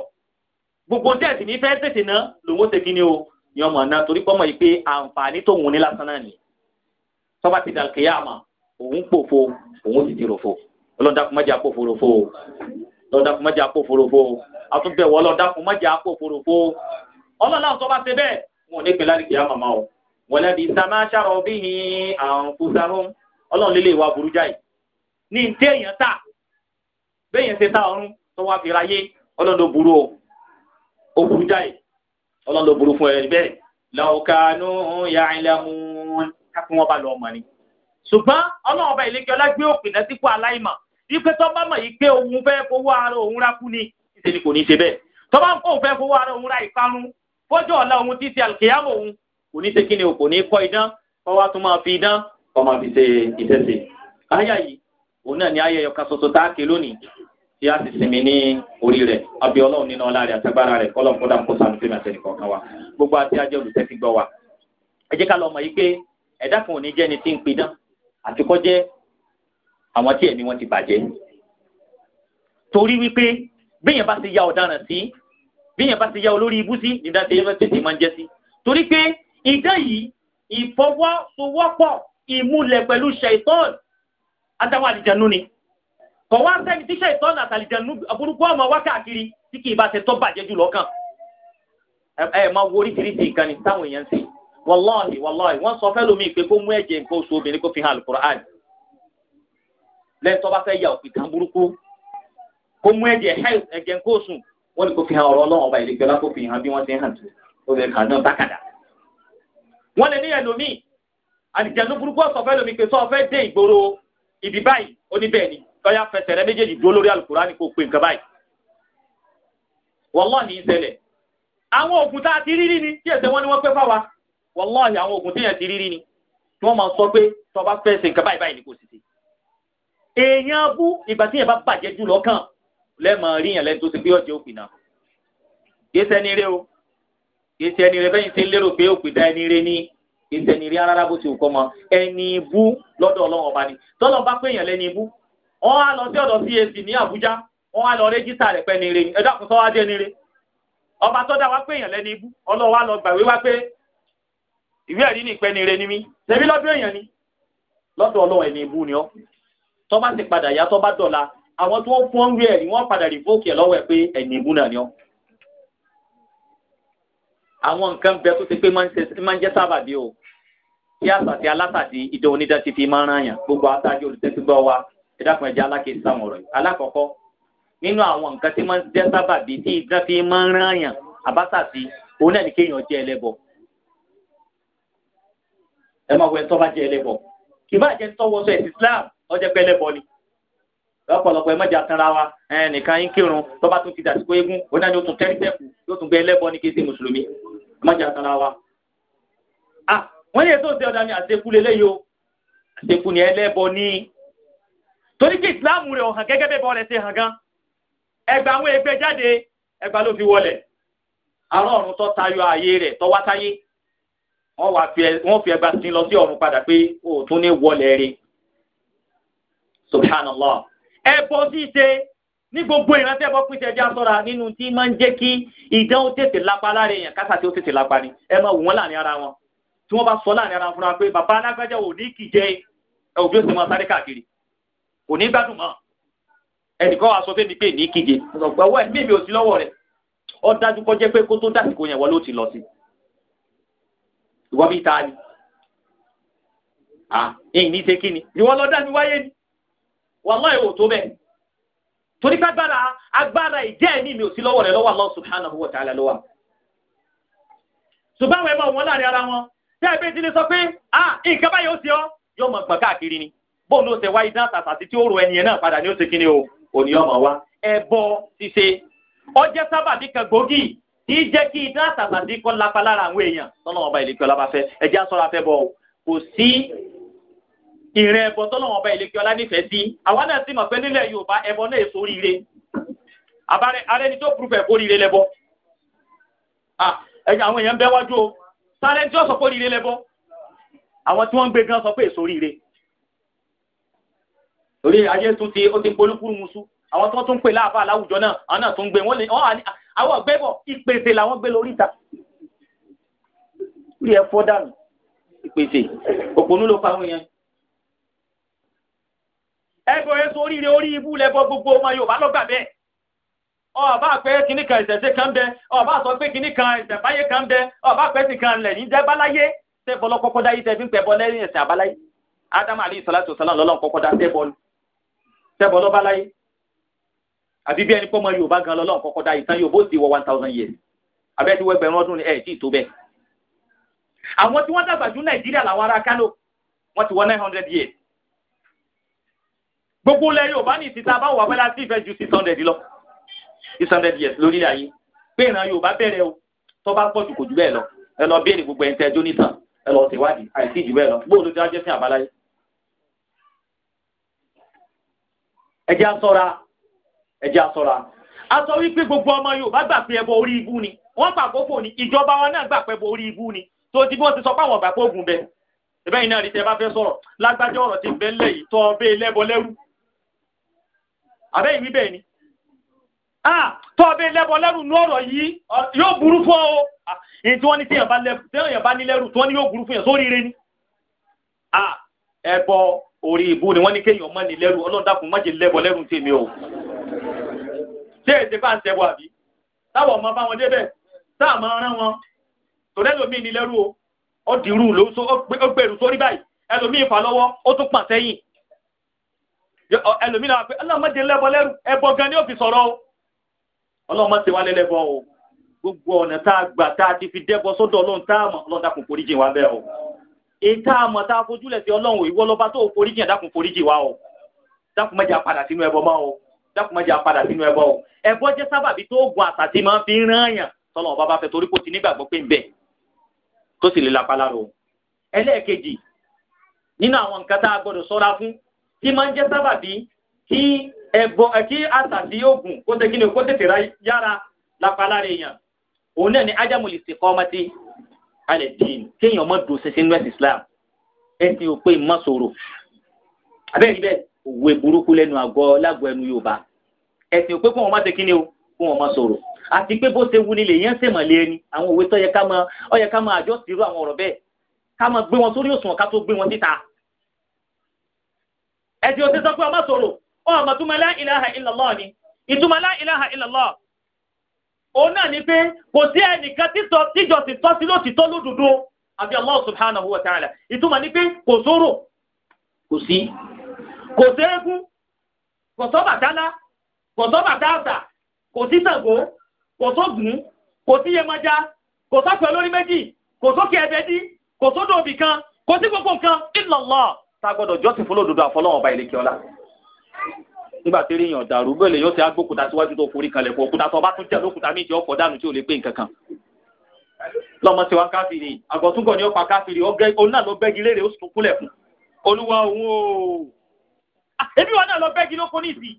gbogbo ń tẹ̀sí ní fẹ́ tètè ná lòun ó ṣe kí ni o ni ọmọ náà torí pọ́mọ̀ yìí pé àǹfààní tóun ní lásán náà ni tọ́ba ti jàlùkì àmọ́ òun pòfo òun sì ti ròfo ọlọ́dàkùnmọ́jà pòfo ròfo ọlọ́dàkùnmọ́jà pòfo ròfo àtúbẹ̀wọ̀ ọlọ́dàkùnmọ́jà pòfo ròfo ọlọ́lá wọn ò ní pẹ́ lálẹ́ kìá màmá o wọ́n lẹ́bi sàmá ṣàrọ̀ bí i àwọn kùsàrún ọlọ́run lélẹ̀ ìwà burú jáì ní ìdí èèyàn tà béèyàn ṣe ta ọrún tó wá fi ráyé ọlọ́run ló burú o ó burú jáì ọlọ́run ló burú fún ẹ bẹ́ẹ̀ lọ́ọ̀kanú ya'lamun kápẹ́ wọn bá lọ ọmọ ni. ṣùgbọ́n ọlọ́run ọba ìlẹ́kẹ́ ọlágbé òpin náà sípò aláìmọ̀ ipe tó bá mọ̀ yìí pé òun fẹ́ fowó ara òun rá ni ìṣèlú kò ní ṣe bẹ́ẹ̀ tó bá ń kó òun fẹ́ fowó ara òun rá ìparun fọ́jọ́ ọ̀la òun títí àlùkìyàmọ̀ òun kò ní ṣe ni o kò ní kọ́ idán kọ́ wa tún máa fi idán kọ́ máa fi ṣe ìtẹ̀sí. àyà yìí òun náà ni àyà ẹ̀yọ̀ká ṣoṣo tá a ké lónìí tí a sì sinmi ní orí rẹ̀ àbí ọlọ́run nínú ọlá rẹ̀ àtàgbára rẹ̀ kọ́lọ́n kọ́dà kó sànù fún mi àtẹnì kọ̀ọ̀kan wa gbogbo àti ajẹ́ olùtẹ́sí gbọ́ wa. ẹ jẹ́ ká lọ mọ̀ yìí pé ẹ̀dá kan ò ní jẹ́ni tí ń pidán àti kọ́ jẹ́ àwọn tí ẹ̀mí wọn ti bàjẹ́. torí wípé béèyàn bá ti ya ọ̀daràn sí bíyàn bá ti ya olórí ibú sí ìdá tẹ̀yẹ́ fẹ́ tètè máa ń jẹ́ sí. torí pé ìdán yìí ìfọwọ́sowọ́pọ̀ ìmúlẹ̀ pẹ̀lú ṣẹ̀tọ́n àtàwọn àlìjẹ̀nu ni. kọ̀ wá sẹ́ni tí ṣẹ̀tọ́n àtàlìjẹ̀nu burúkú ọmọ wá káàkiri tí kì í bá ṣe tọ́ bàjẹ́ jù lọ́kàn. ẹ ẹ máa wo oríṣiríṣi nǹkan ni táwọn èèyàn ń ṣe wàláhì wàláhì wọ́n sọ fẹ́ẹ́ lómi pé kó mú ẹ̀jẹ̀ nǹkan oṣù obìnrin kó fi hàn alukur'an lẹ́yìn tó bá fẹ́ ya òkìtàn burúkú kó mú ẹ̀jẹ̀ ẹ̀jẹ̀ nǹkan oṣù wọ́n ní kó fi hàn ọ̀rọ̀ ọlọ́run ọba ìlẹ́gbẹ́ lápò fi hàn bí wọ́n ti hàn tó ó lè náà bákàdà. wọ́n lè ní ẹlòmíì àdìjẹ́nu burúkú ọ̀sọ̀fẹ́ lomi pé sọ dé ìgboro ibi báyìí ó bẹ́ẹ̀ ni lọ́yà fẹsẹ̀ rẹ méjèèjì dúró lórí Al-Kùránì kò pé nǹkan báyìí. wọ́lọ́ọ̀ni ìṣẹ̀lẹ̀ àwọn oògùn tá a ti rírí ni tí ẹ̀sẹ̀ wọn ni wọ́n pẹ́ fáwa wọ́lọ́ọ̀ni àwọn oògùn tí yẹn ti rírí ni tí wọ́n máa sọ pé tọ́ba fẹ́ ṣe nǹkan báyìí báyìí ni kò sì ṣe. èèyàn bú ìgbà tí yẹn bá bàjẹ́ jù lọ́kàn lẹ́ẹ̀mọ ríyàn lẹ́nu tó ṣe pé ọ̀jẹ̀ òpìnà kì í sẹ́ni rẹ o kì í sẹ́ni rẹ bẹ́yìn tí ń lérò pé òpìnà ẹni rẹ ní kì í sẹ́ni rẹ rárá bó ti kọ́ mọ ẹni ibú lọ́dọ̀ ọlọ́run ọba ni tọ́lọ́ bá pé èèyàn lẹ́ni ibú wọ́n á lọ sí ọ̀dọ̀ CAC ní Àbújá wọ́n á lọ rẹ́jísítà rẹ̀ pẹ́ ni rẹ ẹ dákun sọ́wọ́ adé ni rẹ ọba tọ́da wá pé èèyàn lẹ́ni ibú ọlọ́run wá lọ gbàwé wá pé ìwé ẹ̀rí ní ìpẹ́ni rẹ ni mí ṣẹbi lọ́dọ̀ èèyàn ni lọ́dọ̀ ọlọ́run ẹni ibú ni ọ́ tọ́ bá ti padà yá tọ́ bá dọ̀la àwọn tó ń fún rí ẹ̀ ni wọ́n padà rìvókì ẹ̀ lọ́wọ́ ẹ̀ pé ẹ̀yìn ìbú ni ọ́. àwọn nǹkan bẹ tó ti pé máa ń jẹ́ sábàbí o tí àtàtì alátàtì ìjọ onídàá ti fi máa ń ràn yàn gbogbo àtàjọ olùtẹ́sígbọ́ wa ẹ dákun ẹ jẹ́ alákèésí sáwọn ọ̀rọ̀ yìí. alákọ̀ọ́kọ́ nínú àwọn nǹkan tí máa ń jẹ́ sábàbí tí ìdán fi máa ń ràn àbátàtì òun náà ni kéèyàn jẹ́ ẹlẹ́bọ. Islam ọjọ́ lọ́pọ̀lọpọ̀ ẹ mọ̀jà tanra wa ẹ nìkan yín kírun tó bá tún ti dàsíkò eégún ó náà ni ó tún tẹ́rí tẹ́kù yóò tún gbé ẹlẹ́bọ ní kéde mùsùlùmí ẹ mọ̀jà tanra wa. à wọ́n yẹ tó ṣe ọ̀dà mi àṣekú lélẹ́ yìí o àṣekú ni ẹlẹ́bọ ní. torí kí ìsìláàmù rẹ̀ hàn gẹ́gẹ́ bẹ́ẹ̀ bọ́ rẹ̀ ṣe hàn gan. ẹgbà àwọn ẹgbẹ́ jáde ẹgbà ló fi wọlé àrùn ọ̀run tó tayọ ààyè rẹ̀ tó wá táyé wọ́n fi ẹgbà sí lọ sí ọ̀run padà pé òòtún ní wọlé rẹ̀ subhanallah ẹbọ ṣíṣe ní gbogbo ìrántí ẹbọ pín tẹjá sọ́ra nínú tí máa ń jẹ́ kí ìdánwò tètè lápá lára èèyàn kásà tí ó tètè lápá ni ẹ máa wù wọn láàrin ara wọn tí wọn bá sọ láàrin ara wọn fúnra pé bàbá alágbájá ò ní kì í jẹ òbí òsè máa sáré káàkiri kò ní gbádùn mọ́ ẹnìkan wàá sọ fún mi pé ní kì í jẹ ọwọ́ ẹ̀mí mi ò sí lọ́wọ́ rẹ̀ ọ dájú kọ jẹ́ pé kó tó dásìkò yẹn wọ́n ló ti lọ sí ìwọ bí ta ni à ẹ̀yìn ní ṣe kí wàláhì ìwò tó bẹ́ẹ̀ torí kágbára agbára ìjẹ́ ẹ̀mí mi ò sí lọ́wọ́ rẹ̀ lọ́wọ́ Allah subhanahu wa ta'ala lọ́wọ́ ṣùgbọ́n àwọn ẹ̀mọ́ wọn láàrin ara wọn tẹ́ ẹ bẹ́ẹ̀ ti lè sọ pé ah nǹkan báyìí ó ti ọ́ yóò mọ̀ gbọ̀n káàkiri ni bóun ló ṣe wáyé dáńtà àti tí ó rò ẹni yẹn náà padà ni ó ṣe kí ni o òní ọmọ wa ẹbọ ṣíṣe ọjẹ́ sábàbí kan gbòógì tí í jẹ́ kí iná àtàbàdí kọ́ lápá lára àwọn èèyàn tọ́nà ọba ìlẹ̀kẹ́ ọlábàfẹ́ ẹ̀jẹ̀ aṣọ́ra fẹ́ bọ̀ kò sí ìrìn ẹbọ tọ́lọ́wọ́n ọba ìlẹ́kẹ́ ọlá nífẹ̀ẹ́ sí àwa náà sì mọ̀ pé nílẹ̀ Yorùbá ẹbọ náà èso ríire àbárẹ arẹni tó burú fẹ kó ríire lẹbọ ẹ̀yìn àwọn èèyàn ń bẹ wájú o sáré tí wọ́n sọ pé ríire lẹbọ àwọn tí wọ́n ń gbé gan sọ pé èso ríire torí ayé tún ti ó ti polúkúrú musu àwọn tó tún pè láàbà láwùjọ náà àwọn náà tún gbé wọn lè àwọn ọgbẹ́bọ̀ ìpèsè làwọn gbé lórí ìta rí ẹ fọ́ dànù ìpèsè òpònú ló pa àwọn èèyàn ẹbọ èso oríire orí ibú lẹbọ gbogbo ọmọ Yorùbá lọgbà bẹ́ẹ̀ ọba àpẹ kínní kan ìṣẹ̀ṣe kan bẹ ọba àsọ pé kínní kan ìṣẹ̀báyé kan bẹ ọba àpẹ sì kan lẹ ní dẹbàláyé tẹbọ lọkọkọ dáyé tẹbí ń pẹbọ lẹ́yìn ẹsẹ àbáláyé ádámù àlẹ ìsọlátò sọlá lọlọrun kọ́kọ́ dá tẹbọ tẹbọ lọbáláyé àbí bí ẹni pọmọ Yorùbá gan lọlọrun kọ́kọ́ dá ìtàn Yorùbá ó wọ one thousand years abẹ́ ti wọ ẹgbẹ̀rún ọdún ẹ̀ tí ì tó bẹ́ẹ̀ àwọn tí wọ́n dàgbà jù Nàìjíríà làwọn ará Kánò wọ́n ti wọ nine hundred years gbogbo ilẹ̀ Yorùbá ní ìsìta bá wà pẹ́ láti ìfẹ́ ju six hundred lọ six hundred years lórílẹ̀ ayé pé ìran Yorùbá bẹ̀rẹ̀ o tó bá pọ̀ jù kò jù bẹ́ẹ̀ lọ ẹ lọ béèrè gbogbo ẹ̀ ń tẹ́jọ́ nìtàn ẹ lọ tẹ̀wádìí àìsí jù bẹ́ẹ̀ lọ gbóòlù tí wọ́n jẹ́ fún àbáláyé. ẹjẹ́ asọ́ra ẹjẹ́ asọ́ra a sọ wípé gbogbo ọmọ Yorùbá gbà pé ẹbọ orí ibú ni wọ́n gbà pé òfò ni ìjọba wọn náà gbà pé ẹbọ orí ibú ni tó ti bí wọ́n ti sọ pé àwọn ọ̀gbà pé ògùn bẹ́ẹ̀ ẹ̀bẹ́ yìí náà rí tẹ́ bá fẹ́ sọ̀rọ̀ lágbájá ọ̀rọ̀ ti bẹ́ẹ̀ lẹ́yìn tọ́ ọ bẹ́ẹ̀ lẹ́bọ lẹ́rú abẹ́ ìwí bẹ́ẹ̀ ni tọ́ọ̀bẹ lẹ́bọ lẹ́rù nú ọ̀rọ̀ yìí yóò burú fún ọ èyí tí wọ́n ní tí èèyàn bá ní lẹ́rù tí wọ́n ní yóò burú fún yàn sórí ire ni ẹbọ orí ìbú ni wọ́n ní kéèyàn má ní lẹ́rù ọlọ́run dákun má jẹ́ lẹ́bọ lẹ́rù tèmi o ṣé èsì bá ń tẹ́wọ́ àbí táwọn ọmọ bá wọn débẹ̀ táà máa rán wọn tòlẹ́lòmíì ní lẹ́rù o ó dìrú lóṣù ó gbèrú sórí báyìí ẹlòmíì fà lọ́wọ́ ó tún pàn sẹ́yìn ẹlòmíràn àpẹ ọlọ́mọdé lẹ́bọ lẹ́rù ẹbọ gan ni ó fi sọ̀rọ̀ o ọlọ́mọ ti wá lẹ́lẹ́bọ o gbogbo ọ̀nà tá a gbà tá a ti fi dẹ́bọ sọ́dọ̀ ọlọ́run tá a mọ̀ ọlọ́run dákun foríjì wa bẹ́ẹ̀ o èyí tá a mọ̀ tá a fojúlẹ̀ sí ọlọ́run ìwọ lọ́ba tó foríjì yẹn dákun foríjì wa o dákun má jẹ́ a padà sínú ẹbọ mọ́ o dákun má jẹ́ a padà sínú ẹbọ o ẹbọ jẹ́ sábàbí tó gun àtàtì máa fi rán yàn sọlọ ọba bá fẹ́ torí kò ti nígbàgbọ́ pé ń bẹ tó sì lè lapa lára o ẹlẹ́ẹ̀kejì nínú àwọn nǹkan tá a gbọ́dọ̀ sọ́ra fún tí máa ń jẹ́ sábàbí kí ẹ̀bọ eh, kí àtàbí oògùn kó tẹ kí ni kó tètè yára lápalára èèyàn òun náà ni ájámù lè sèkọ́ ọmọdé alẹ́ dín kéèyàn ọmọ dùn ṣinṣin ní west islam ẹ̀sìn òpè mọ́sòrò abẹ́rẹ́ bẹ́ẹ̀ òwe burúkú lẹ́nu àgọ́ lágọ̀ọ́ ẹnu yorùbá ẹ̀sìn òpè kó wọn má tẹ kí ni o kó wọn má sòrò àti pé bó ṣe wuni lèèyàn ṣèmọ̀ lé ẹni àwọn òwe tó yẹ ká máa ọ yẹ ká máa àjọ sírú àwọn ọ̀rọ̀ ẹ̀sìn òsì sọ pé ọmọ sòrò wọn àmọ́ túmọ̀ lá ilaha illallah ni ìtumọ̀ lá ilaha illallah òun náà ni pé kò sí ẹnìkan tíjọsìn tọ́sí lótìtọ́ lódodo àbí Allah subhanahu wa ta'ala ìtumọ̀ ni pé kò sóró kò sí kò kò sọ́bàtálá kò kò sí Ṣàngó kò kò sí kò méjì tá a gbọ́dọ̀ jọ́sìn fún lódodo àfọlọ́wọ́n ọba ìlẹ̀kẹ́ ọ̀la nígbà tí èèyàn dàrú bẹ́ẹ̀ yóò ṣe agbókúta síwájú tó forí kalẹ̀ fún òkúta tó bá tún jẹ́ lókúta méjì ọkọ̀ dànù tí ò lè pé nǹkan kan lọ́mọ tiwa káfíìrì àgọ̀túngọ̀ ni ó pa káfíìrì òun náà ló bẹ́gi léèrè ó sì tún kúnlẹ̀ fún olúwa òun o ah, ebi wọn náà lọ bẹ́gi lóko ní ìsìn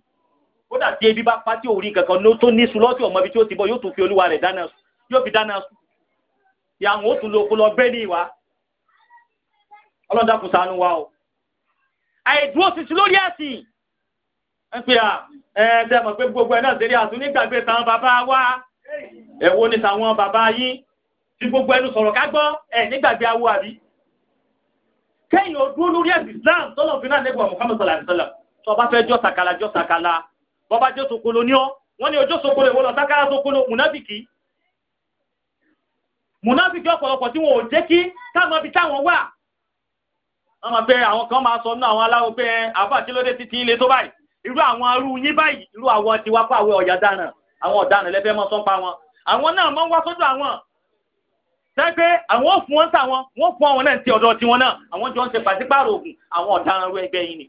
kódà tí ebi bá pa tí òun rí kankan ló tó ní sùn lọ́sí ọmọ ibi tí ó ti bọ̀ yóò tún fi olúwa rẹ̀ dáná yóò fi dáná sùn ìyàwó tún lóko lọ bẹ́ẹ̀ ní ìwà ọlọ́dà kùsànù wa o àìdúró títí lórí ẹ̀sìn ẹ pé ẹ ṣe mọ̀ pé gbogbo ẹ̀ náà ṣe rí àtún nígbàgbé tàwọn bàbá wa ẹ wo ni tàwọn bàbá yín tí gbogbo ẹnu sọ̀rọ̀ ká gbọ́ ẹ nígbàgbé awo àbí. kẹ́yìn ọdún lórí ẹ̀sìn Islam tọ́lọ̀ fi náà nígbà Muhammad sallallahu alayhi wa sallam tó bá fẹ́ jọ́ sàkàlà jọ́ sàkàlà bọ́bá jọ́ sokolo ní ọ́ wọ́n ní ọjọ́ sokolo ìwọ́lọ́ sákàlà sokolo mùnáfìkì mùnáfìkì ọ̀pọ̀lọpọ̀ tí wọn ò jẹ́ kí táwọn ibi táwọn wà wọ́n máa bẹ àwọn kan máa sọ nínú àwọn aláwọ̀ pé àbá kí ló dé títí ilé tó báyìí irú àwọn arú yín báyìí irú àwọn tiwa pa àwọn ọ̀yà dáràn àwọn ọ̀daràn lẹ́fẹ́ mọ́ sọ́n pa wọn àwọn náà máa ń wá sọ́dọ̀ àwọn sẹ́gbẹ́ àwọn ò fún wọn sá wọn wọ́n fún àwọn náà ti ọ̀dọ̀ tiwọn náà àwọn jọ ń ṣe pàṣípààrọ̀ ògùn àwọn ọ̀daràn rú ẹgbẹ́ yìí ni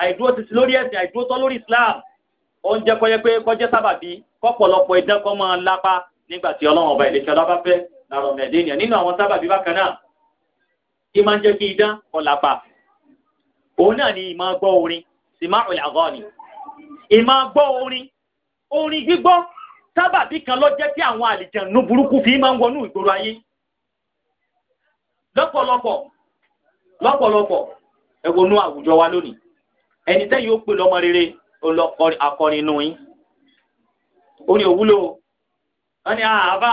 àìdúró ti lórí ẹ̀sìn àìdúró tọ́ lórí Islam oúnjẹ kọjẹ pé kọjẹ sábàbí kọ́pọ̀lọpọ̀ ìdánkọ́ máa lápá nígbà tí Ọlọ́run ọba ìlẹ̀kẹ́ ọlọ́ba fẹ́ làrọ̀ mẹ́ẹ̀dẹ́nìyàn nínú àwọn sábàbí bákan náà ìmọ̀ ń jẹ́ kí idán ọ̀làpà òun náà ni ìmọ̀ gbọ́ orin ìmọ̀ ọ̀làgọ́ ni ìmọ̀ gbọ́ orin orin gbígbọ́ sábàbí kan ló jẹ́ kí àwọn àlìjẹ̀nu burúkú fi máa ń wọnú ìgboro ayé lọ́pọ̀lọpọ̀ lọ́pọ̀lọpọ̀ ẹ wọnú àwùjọ wa lónìí ẹni tẹ́ yóò pè lọ́mọ rere akọrin inú yín ó ní òwúlò wọ́n ní ah, àbá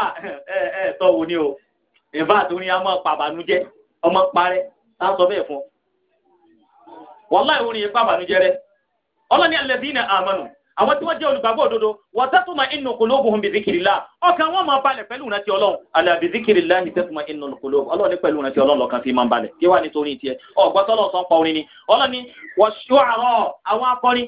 ẹ̀ ni o ìbá àtúnyàmọ́ pàbánújẹ́. ọmọ parẹ́ tá a sọ bẹ́ẹ̀ fún ọ. wàláì orin yẹn pàbànújẹ́ rẹ ọlọ́ni alladhina amanu àwọn tí wọ́n jẹ́ olùgbàgbọ́ òdodo wa tatma'innu qulubuhum bi dhikrillah ọkàn wọn máa balẹ̀ pẹ̀lú ìrántí ọlọ́run ala bi dhikrillah tatma'innul qulub ọlọ́run pẹ̀lú ìrántí ọlọ́run lọ́kàn fi máa balẹ̀ kí wàá nítorí tiẹ̀ ọ̀gbọ́n tọ́lọ̀ sọ pa orin ni ọlọ́ni wash-shu'ara àwọn akọrin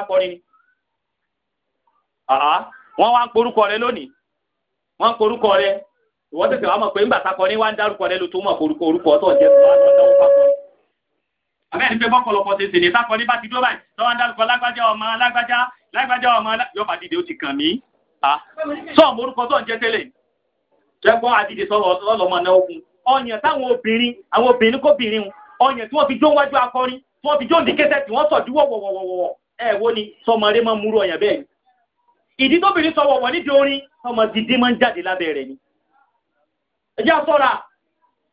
àwọn wọ́n wá ń porúkọ rẹ lónìí wọ́n ń porúkọ rẹ ìwọ tètè wàá mọ̀ pé ńgbà sakọ ní wá ń dárúkọ rẹ ló tó mọ̀ porúkọ orúkọ tó jẹ́ tó ni pé ní bá ti dúró báyìí ọmọ lágbájá lágbájá sọ morúkọ tó ń jẹ ìdí tóbìnrin sọ wọ̀wọ̀ nídìí orin ọmọ gidi máa ń jáde lábẹ́ rẹ̀ ni. ẹ jẹ́ àsọ́ra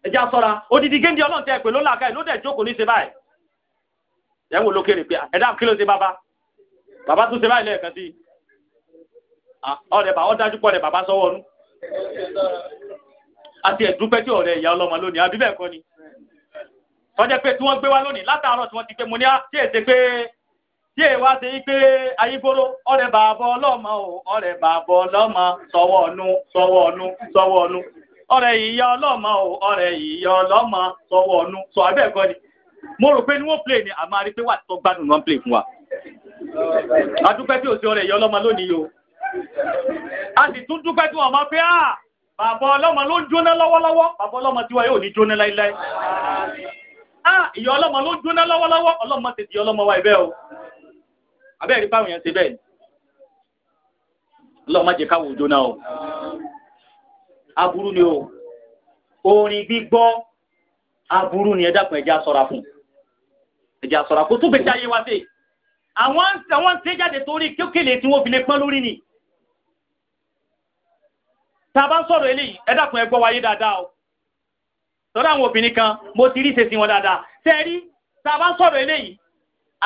ẹ jẹ́ àsọ́ra odidi géńdé ọlọ́run tẹ pé ló làákà ẹ̀ ló dẹ̀ jókòó ní ṣe báyìí. ẹ̀ ń wò lókèrè pé ẹ̀dá kí ló ṣe bàbá bàbá tún ṣe báyìí lẹ́ẹ̀kan sí i. ọ̀rẹ́ bá ọ dájú pọ̀ rẹ̀ bàbá sọ́wọ́ ọdún. àti ẹ̀dúpẹ́ tí ọ̀rẹ́ ìyá ọlọ́mọ lónìí àbí bẹ́ẹ̀ kọ́ ni. tọ́jẹ́ pé tí wọ́n gbé wá lónìí látàárọ̀ tí wọ́n ti pé mo ní á tí èsè pé tí èèwà ṣe yí pé ayígbóró ọ̀rẹ́ bàbọ ọlọ́mọ o ọ̀rẹ́ bàbọ ọlọ́mọ sọwọ ọnu sọwọ ọnu sọwọ ọnu ọ̀rẹ́ ìyá ọlọ́mọ o ọ̀rẹ́ ìyá ọlọ́mọ sọwọ ọnu sọ abẹ ẹkọ ni mo rò pé ni wọn play ni àmọ́ àrí pé wà tó gbádùn wọn play fún wa adúpẹ́ tí o ti ọ̀rẹ́ ìyá ọlọ́mọ lónìí o a sì tún dúpẹ́ tí wọn máa pé a ah, bàbọ ọlọ́mọ ló ń jóná lọ́wọ́lọ́wọ́ bàbọ ọlọ́mọ tiwa yóò ní jóná láíláí a ah, ìyá ọlọ́mọ ló ń jóná lọ́wọ́lọ́wọ́ ọlọ́mọ tètè ìyá ọlọ́mọ wa ìbẹ́ o abẹ́rẹ́ fáwọn yẹn ṣe bẹ́ẹ̀ lọ́ọ́ má jẹ́ káwọ́ òjò náà aburú ni o orin gbígbọ́ aburú ni ẹ dákun ẹ̀jẹ̀ aṣọ́ra fún ẹ̀jẹ̀ aṣọ́ra kó tó bẹ̀tẹ̀ ayé wa dé àwọn àwọn ń tẹ́jáde torí kékeré tí wọ́n fi lè pọ́n lórí ni tá a bá ń sọ̀rọ̀ eléyìí ẹ dákun ẹ wáyé dáadáa o sọ́dọ̀ àwọn obìnrin kan mo ti rí ìṣesí wọn dáadáa tẹ́ rí tá a bá sọ̀rọ̀ eléyìí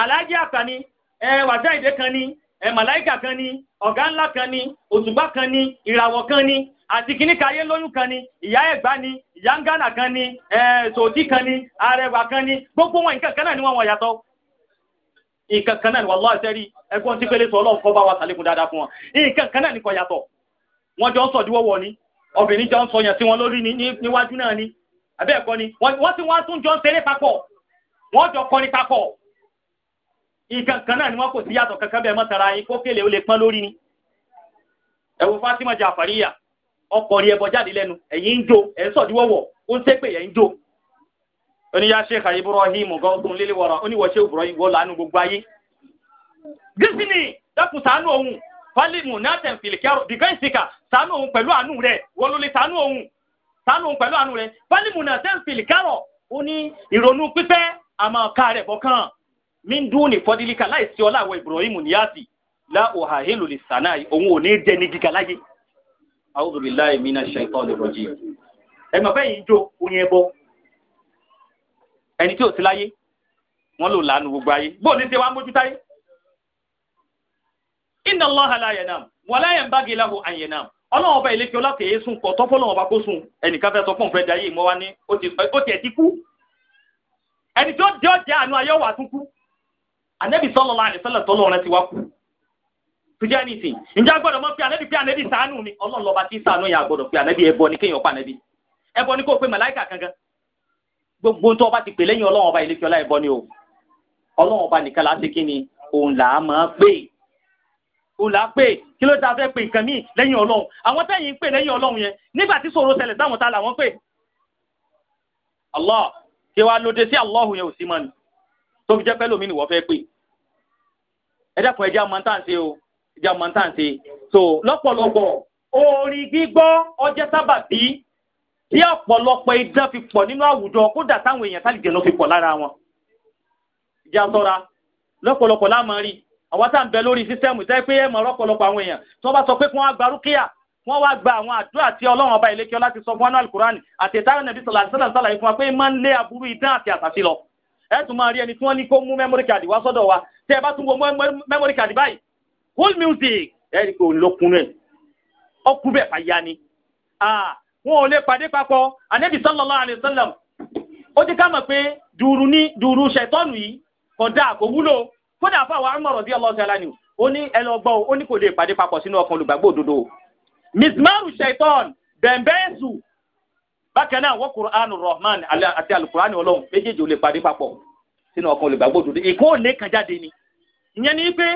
aláàjì àkànní ẹ wàjá ìdè kan ni ẹ màláìkà kan ni ọ̀gá ńlá kan ni òṣùpá kan ni ìràwọ̀ kan ni àti kìnnìkà ayé lóyún kan ni ìyá ni ìyá kan ni kan ni arẹwà kan ni gbogbo wọn ni wọn wọn náà ni tí pélé sọ bá wa sàlékún dáadáa fún wọn nǹkan náà ni kò yàtọ̀ wọ́n jọ ń ni jọ ń sọ ni àbẹ́ẹ̀kọ́ ni jọ ń ṣeré papọ̀ ìkan kan náà ni wọn kò sí yàtọ̀ kankan bẹ́ẹ̀ mọ́tara yín kó kélé ó lè pọ́n lórí ni. ẹ wo Fatima Jafariya ọkọ rí ẹbọ jáde lẹ́nu ẹ̀yin ń jó ẹ ń sọdíwọwọ ó ń sépè ẹ ń jó. oníyà Sheikh Ibrahim gọgùn lílé wọrọ oníwọṣẹ Ibrahim wọ lànà gbogbo ayé. gísìnì dákun sànú òun fálímù nàtẹ̀ fìlìkẹ́rọ dìgẹ́sìkà sànú òun pẹ̀lú àánú rẹ̀ wọ́n sànú òun sànú òun pẹ̀lú àánú rẹ̀ fálímù nàtẹ̀ fìlìkẹ́rọ ó ní ìrònú pípẹ́ àmọ́ ká rẹ̀ bọ̀ min dúni fọdílíkà láìsí ọlá àwọn Ibrahim níyàsí láò àhélò lè sànà òun ò ní dẹni gíga láyé. A'udhu billahi minash shaitanir rajim. ẹ mọ̀ bẹ́ẹ̀ yìí jó oyin ẹbọ ẹni tí ò sí láyé wọ́n lò lánàá gbogbo ayé bó ní ṣe wá ń bójú táyé. Inna Allaha la yanam wala yanbaghi lahu an yanam ọlọ́run ọba ìlẹ́kì ọlákẹ́yẹ sùn kọ́ tọ́pọ́ lọ́wọ́ ọba kó sùn ẹnìkan fẹ́ sọ fún òǹfẹ́ dayé ìmọ̀ wa ní ó ti ẹ̀ ti kú ẹni tí jẹ́ ọ̀jẹ́ àánú ayé wà tún kú anabi sallallahu alaihi wasallam tọ́lọ̀ ọ̀rẹ́ ti wá kú tujá ní ìsìn ǹjẹ́ agbọ́dọ̀ mọ̀ pé anabi pé anabi ṣàánú mi ọlọ́ọ̀lọ́ba tí ṣàánú yẹn agbọ́dọ̀ pé anabi ẹbọ ni kéèyàn pa anabi ẹbọ ni kò pe màláìkà kankan gbogbo tó ọba ti pè lẹ́yìn ọlọ́run ọba ìlẹ́fẹ́ ọlá ẹbọ ni o ọlọ́run ọba nìkan láti kí ni òun là á máa pè òun là á pè kí ló dáa fẹ́ pè nǹkan míì lẹ́yìn ọlọ́run àwọn tẹ́yìn ń pè lẹ́yìn ọlọ́run yẹn nígbà tí sòro ṣẹlẹ̀ sáwọn ta làwọn pè Allah kí wàá lóde sí Allahu yẹn ò sí mọ́ ni tó fi jẹ́ pẹ́ lómi ni wọ́n fẹ́ pè ẹ dákun ẹ jẹ́ àmọ́ tá à ń ṣe o ẹ jẹ́ àmọ́ tá à ń ṣe so lọ́pọ̀lọpọ̀ orin gbígbọ́ ọjẹ́ sábà bí tí ọ̀pọ̀lọpọ̀ idán fi pọ̀ nínú àwùjọ kódà táwọn èèyàn sálìjẹ́ ló fi pọ̀ lára wọn ìjà sọ́ra lọ́pọ̀lọpọ̀ láàmú rí àwa tá à ń bẹ lórí sísẹ́mù tẹ́ pé ẹ̀ mọ̀ lọ́pọ̀lọpọ̀ àwọn èèyàn tí wọ́n bá sọ pé kí wọ́n á gba rúkìá wọ́n wá gba àwọn àdúrà tí ọlọ́run ọba ìlékiọ́ láti sọ fún wọn náà alukurani àti ìtara nàbí sọlá àti sọlá sọlá yìí fún wa pé máa ń lé aburú idán àti àtàfi lọ ẹ tún máa rí ẹni tí wọ́n ní kó mú memory card wá sọ́dọ̀ wa tẹ́ ẹ bá tún wo memory card báyìí whole music ẹ rí i pé òun ló kún rẹ̀ ọkùn bẹ́ẹ̀ fàyà ni wọn ò lè pàdé papọ̀ anabi sallallahu alayhi wa sallam ó ti ká mọ̀ pé dùrù ní dùrù ṣẹ̀tọ́nù yìí kódà kò wúlò kódà fáwọn Umar radiyallahu ta'ala anhu ó ní ẹ lọ gbọ́ ó ní kò lè pàdé papọ̀ sínú ọkàn olùgbàgbọ́ òdodo mismaru ṣẹ̀tọ́n bẹ̀m̀bẹ́ẹ̀sù bákan náà wọ́n kuranu rahman àti alukurani ọlọ́run méjèèjì ò lè pàdé papọ̀ sínú ọkàn olùgbàgbọ́ òdodo èkó òní ni ìyẹn ni pé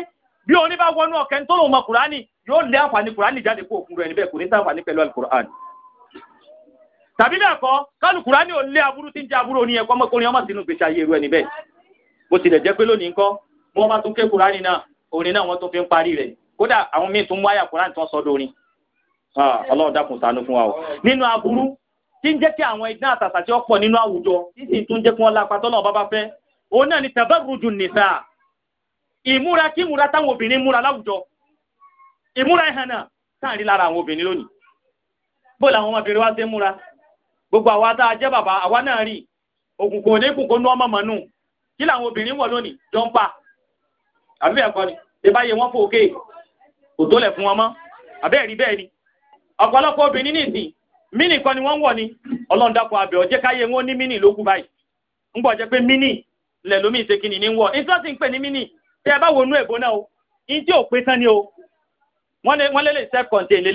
bí oní bá wọnú ọkàn tó lòun mọ kurani yóò lé àǹfààní kurani jáde kó òkun rẹ níbẹ̀ kò ní alukurani tàbí kurani ò lé aburú tí ń aburú oníyẹn ọmọ sínú gbèsè ayé bó tilẹ̀ jẹ́ tí ń jẹ́ kí àwọn iná àtàtà tí ó pọ̀ nínú àwùjọ tí sì tún jẹ́ kí wọ́n lápá fẹ́ òun náà ni tàbárùjù nìta ìmúra kí múra táwọn obìnrin múra láwùjọ ìmúra ẹ̀hàn náà sáàrí lára àwọn obìnrin lónìí bó làwọn ọmọbìnrin wá gbogbo àwa tá a bàbá àwa náà rí òkùnkùn ní ọmọ mọ̀nù kí làwọn obìnrin wọ̀ lónìí àbí wọn kò tó lẹ̀ fún àbẹ́ẹ̀rí bẹ́ẹ̀ ni ọ̀pọ̀lọpọ̀ obìnrin nìsín mini kan ni wọ́n wọ̀ ni ọlọ́run dákun abẹ́ ọ̀jẹ́ káyé wọn ni mini lókù bayi ń gbọ́ pe pé mini lẹ̀ lomi ìsekìnì ní ni nítorí pè ní mini tẹ́ bá wo inú ẹ̀bọ náà o ní tí ò pé tán ni o wọ́n lé wọ́n lé self contain ní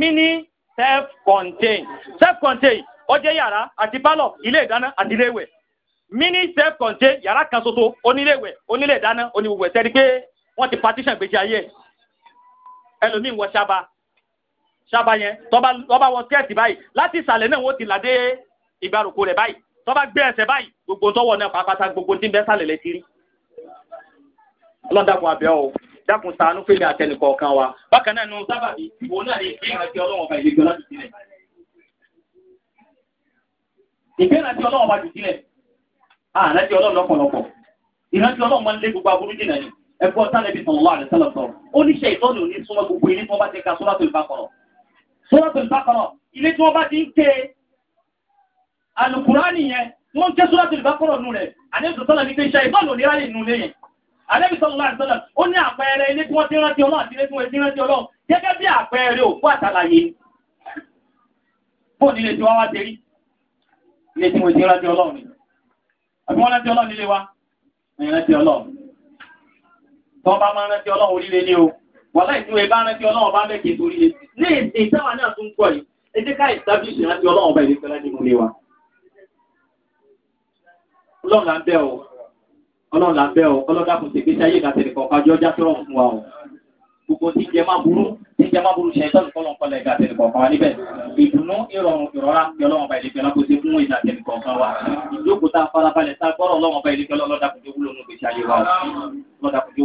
mini self contain self contain ó yara ati ile ati mini self contain yara kan ṣoṣo onílé ìwẹ̀ onílé ìdáná oníwùwẹ̀ sẹ́ni pé wọ́n ti partition saba. ṣába yẹn tọ́ba wọ skẹ́ẹ̀tì báyìí láti ìsàlẹ̀ náà wọ́n ti là dé ìgbàrúkọ rẹ̀ báyìí tọ́ba gbé ẹsẹ̀ báyìí gbogbo tọ́wọ́ náà pàápàá gbogbo tí ń bẹ́ sàlẹ̀ lẹ́tí rí. ọlọ́dàkùn àbẹ̀ ọ́ dákun ṣàánú pé mi àtẹnìkọ̀ kan wa bákan náà nu sábàbí ìwọ náà lè fi ìrántí ọlọ́wọ́n ọba ìlẹ́jọ́ láti sílẹ̀. ìgbéraàntí ọlọ́wọ́n ọba jù sílẹ̀ àrántí ọlọ́wọ́n lọ́pọ̀lọpọ̀ ìrántí ọlọ́wọ́n máa ń lé gbogbo aburú jìnnà ni ẹ̀kọ́ sálẹ̀ bí sọ̀rọ̀ wà lẹ́sẹ̀lẹ̀ sọ̀rọ̀ ó ní ṣe ìtọ́ni òní súnmọ́ gbogbo ilé tí wọ́n bá ti ka sọ́lá tó ìbá kọ̀rọ̀ Suratul Baqara ilé tí wọ́n bá ti ń ké alukurani yẹn wọ́n ń ké Suratul Baqara nù rẹ̀ àdébìsọ̀ sọ́lá ní pé iṣẹ́ ìbọn òní ráyè nù lẹ́yìn àdébìsọ̀ sọ́lá sọ́lá ó ní àpẹẹrẹ ilé tí wọ́n ti rántí ọlọ́run àti ilé tí wọ́n ti rántí ọlọ́run gẹ́gẹ́ bí àpẹẹrẹ òkú àtàlàyé bó nílé tí wọ́n wá ti rí ilé tí wọ́n ti rántí ọlọ́run ni àbí wọ́n rántí ọlọ́run nílé wa ẹ̀yìn rántí ọlọ́run tí wọ́n bá máa rántí ọlọ́run oríire ní o wọ́n láì tí wọ́n bá rántí ọlọ́run bá bẹ́ẹ̀ torí ní èdè táwa náà tún gbọ́ yìí ẹ jẹ́ ká ìsábìsì láti ọlọ́run ọba ìdíkọ́ láti mú lé wa. ọlọ́run là ń bẹ̀ o ọlọ́run là ń bẹ̀ o ọlọ́run dàpọ̀ sí ìgbésí ayé ìgbàsẹ̀ nìkan kájọ́ ọjà tó rọrùn fún wa o. gbogbo tí jẹ́ máa burú tí jẹ́ máa burú ṣe tọ́lù kọ́lọ̀ kọ́lọ̀ ìgbàsẹ̀ nìkan kan wa níbẹ̀. ìdùnnú ìrọ̀rùn ìrọ̀rá ti ọlọ́run ọba ìdíkọ́ láti ṣe fún ìgbàsẹ̀ nìkan kan wa. ìjókòó tá a farabalẹ̀ tá a gbọ́rọ̀ ọlọ́run ọba ìdíkọ́ lọ́dàkùnjẹ́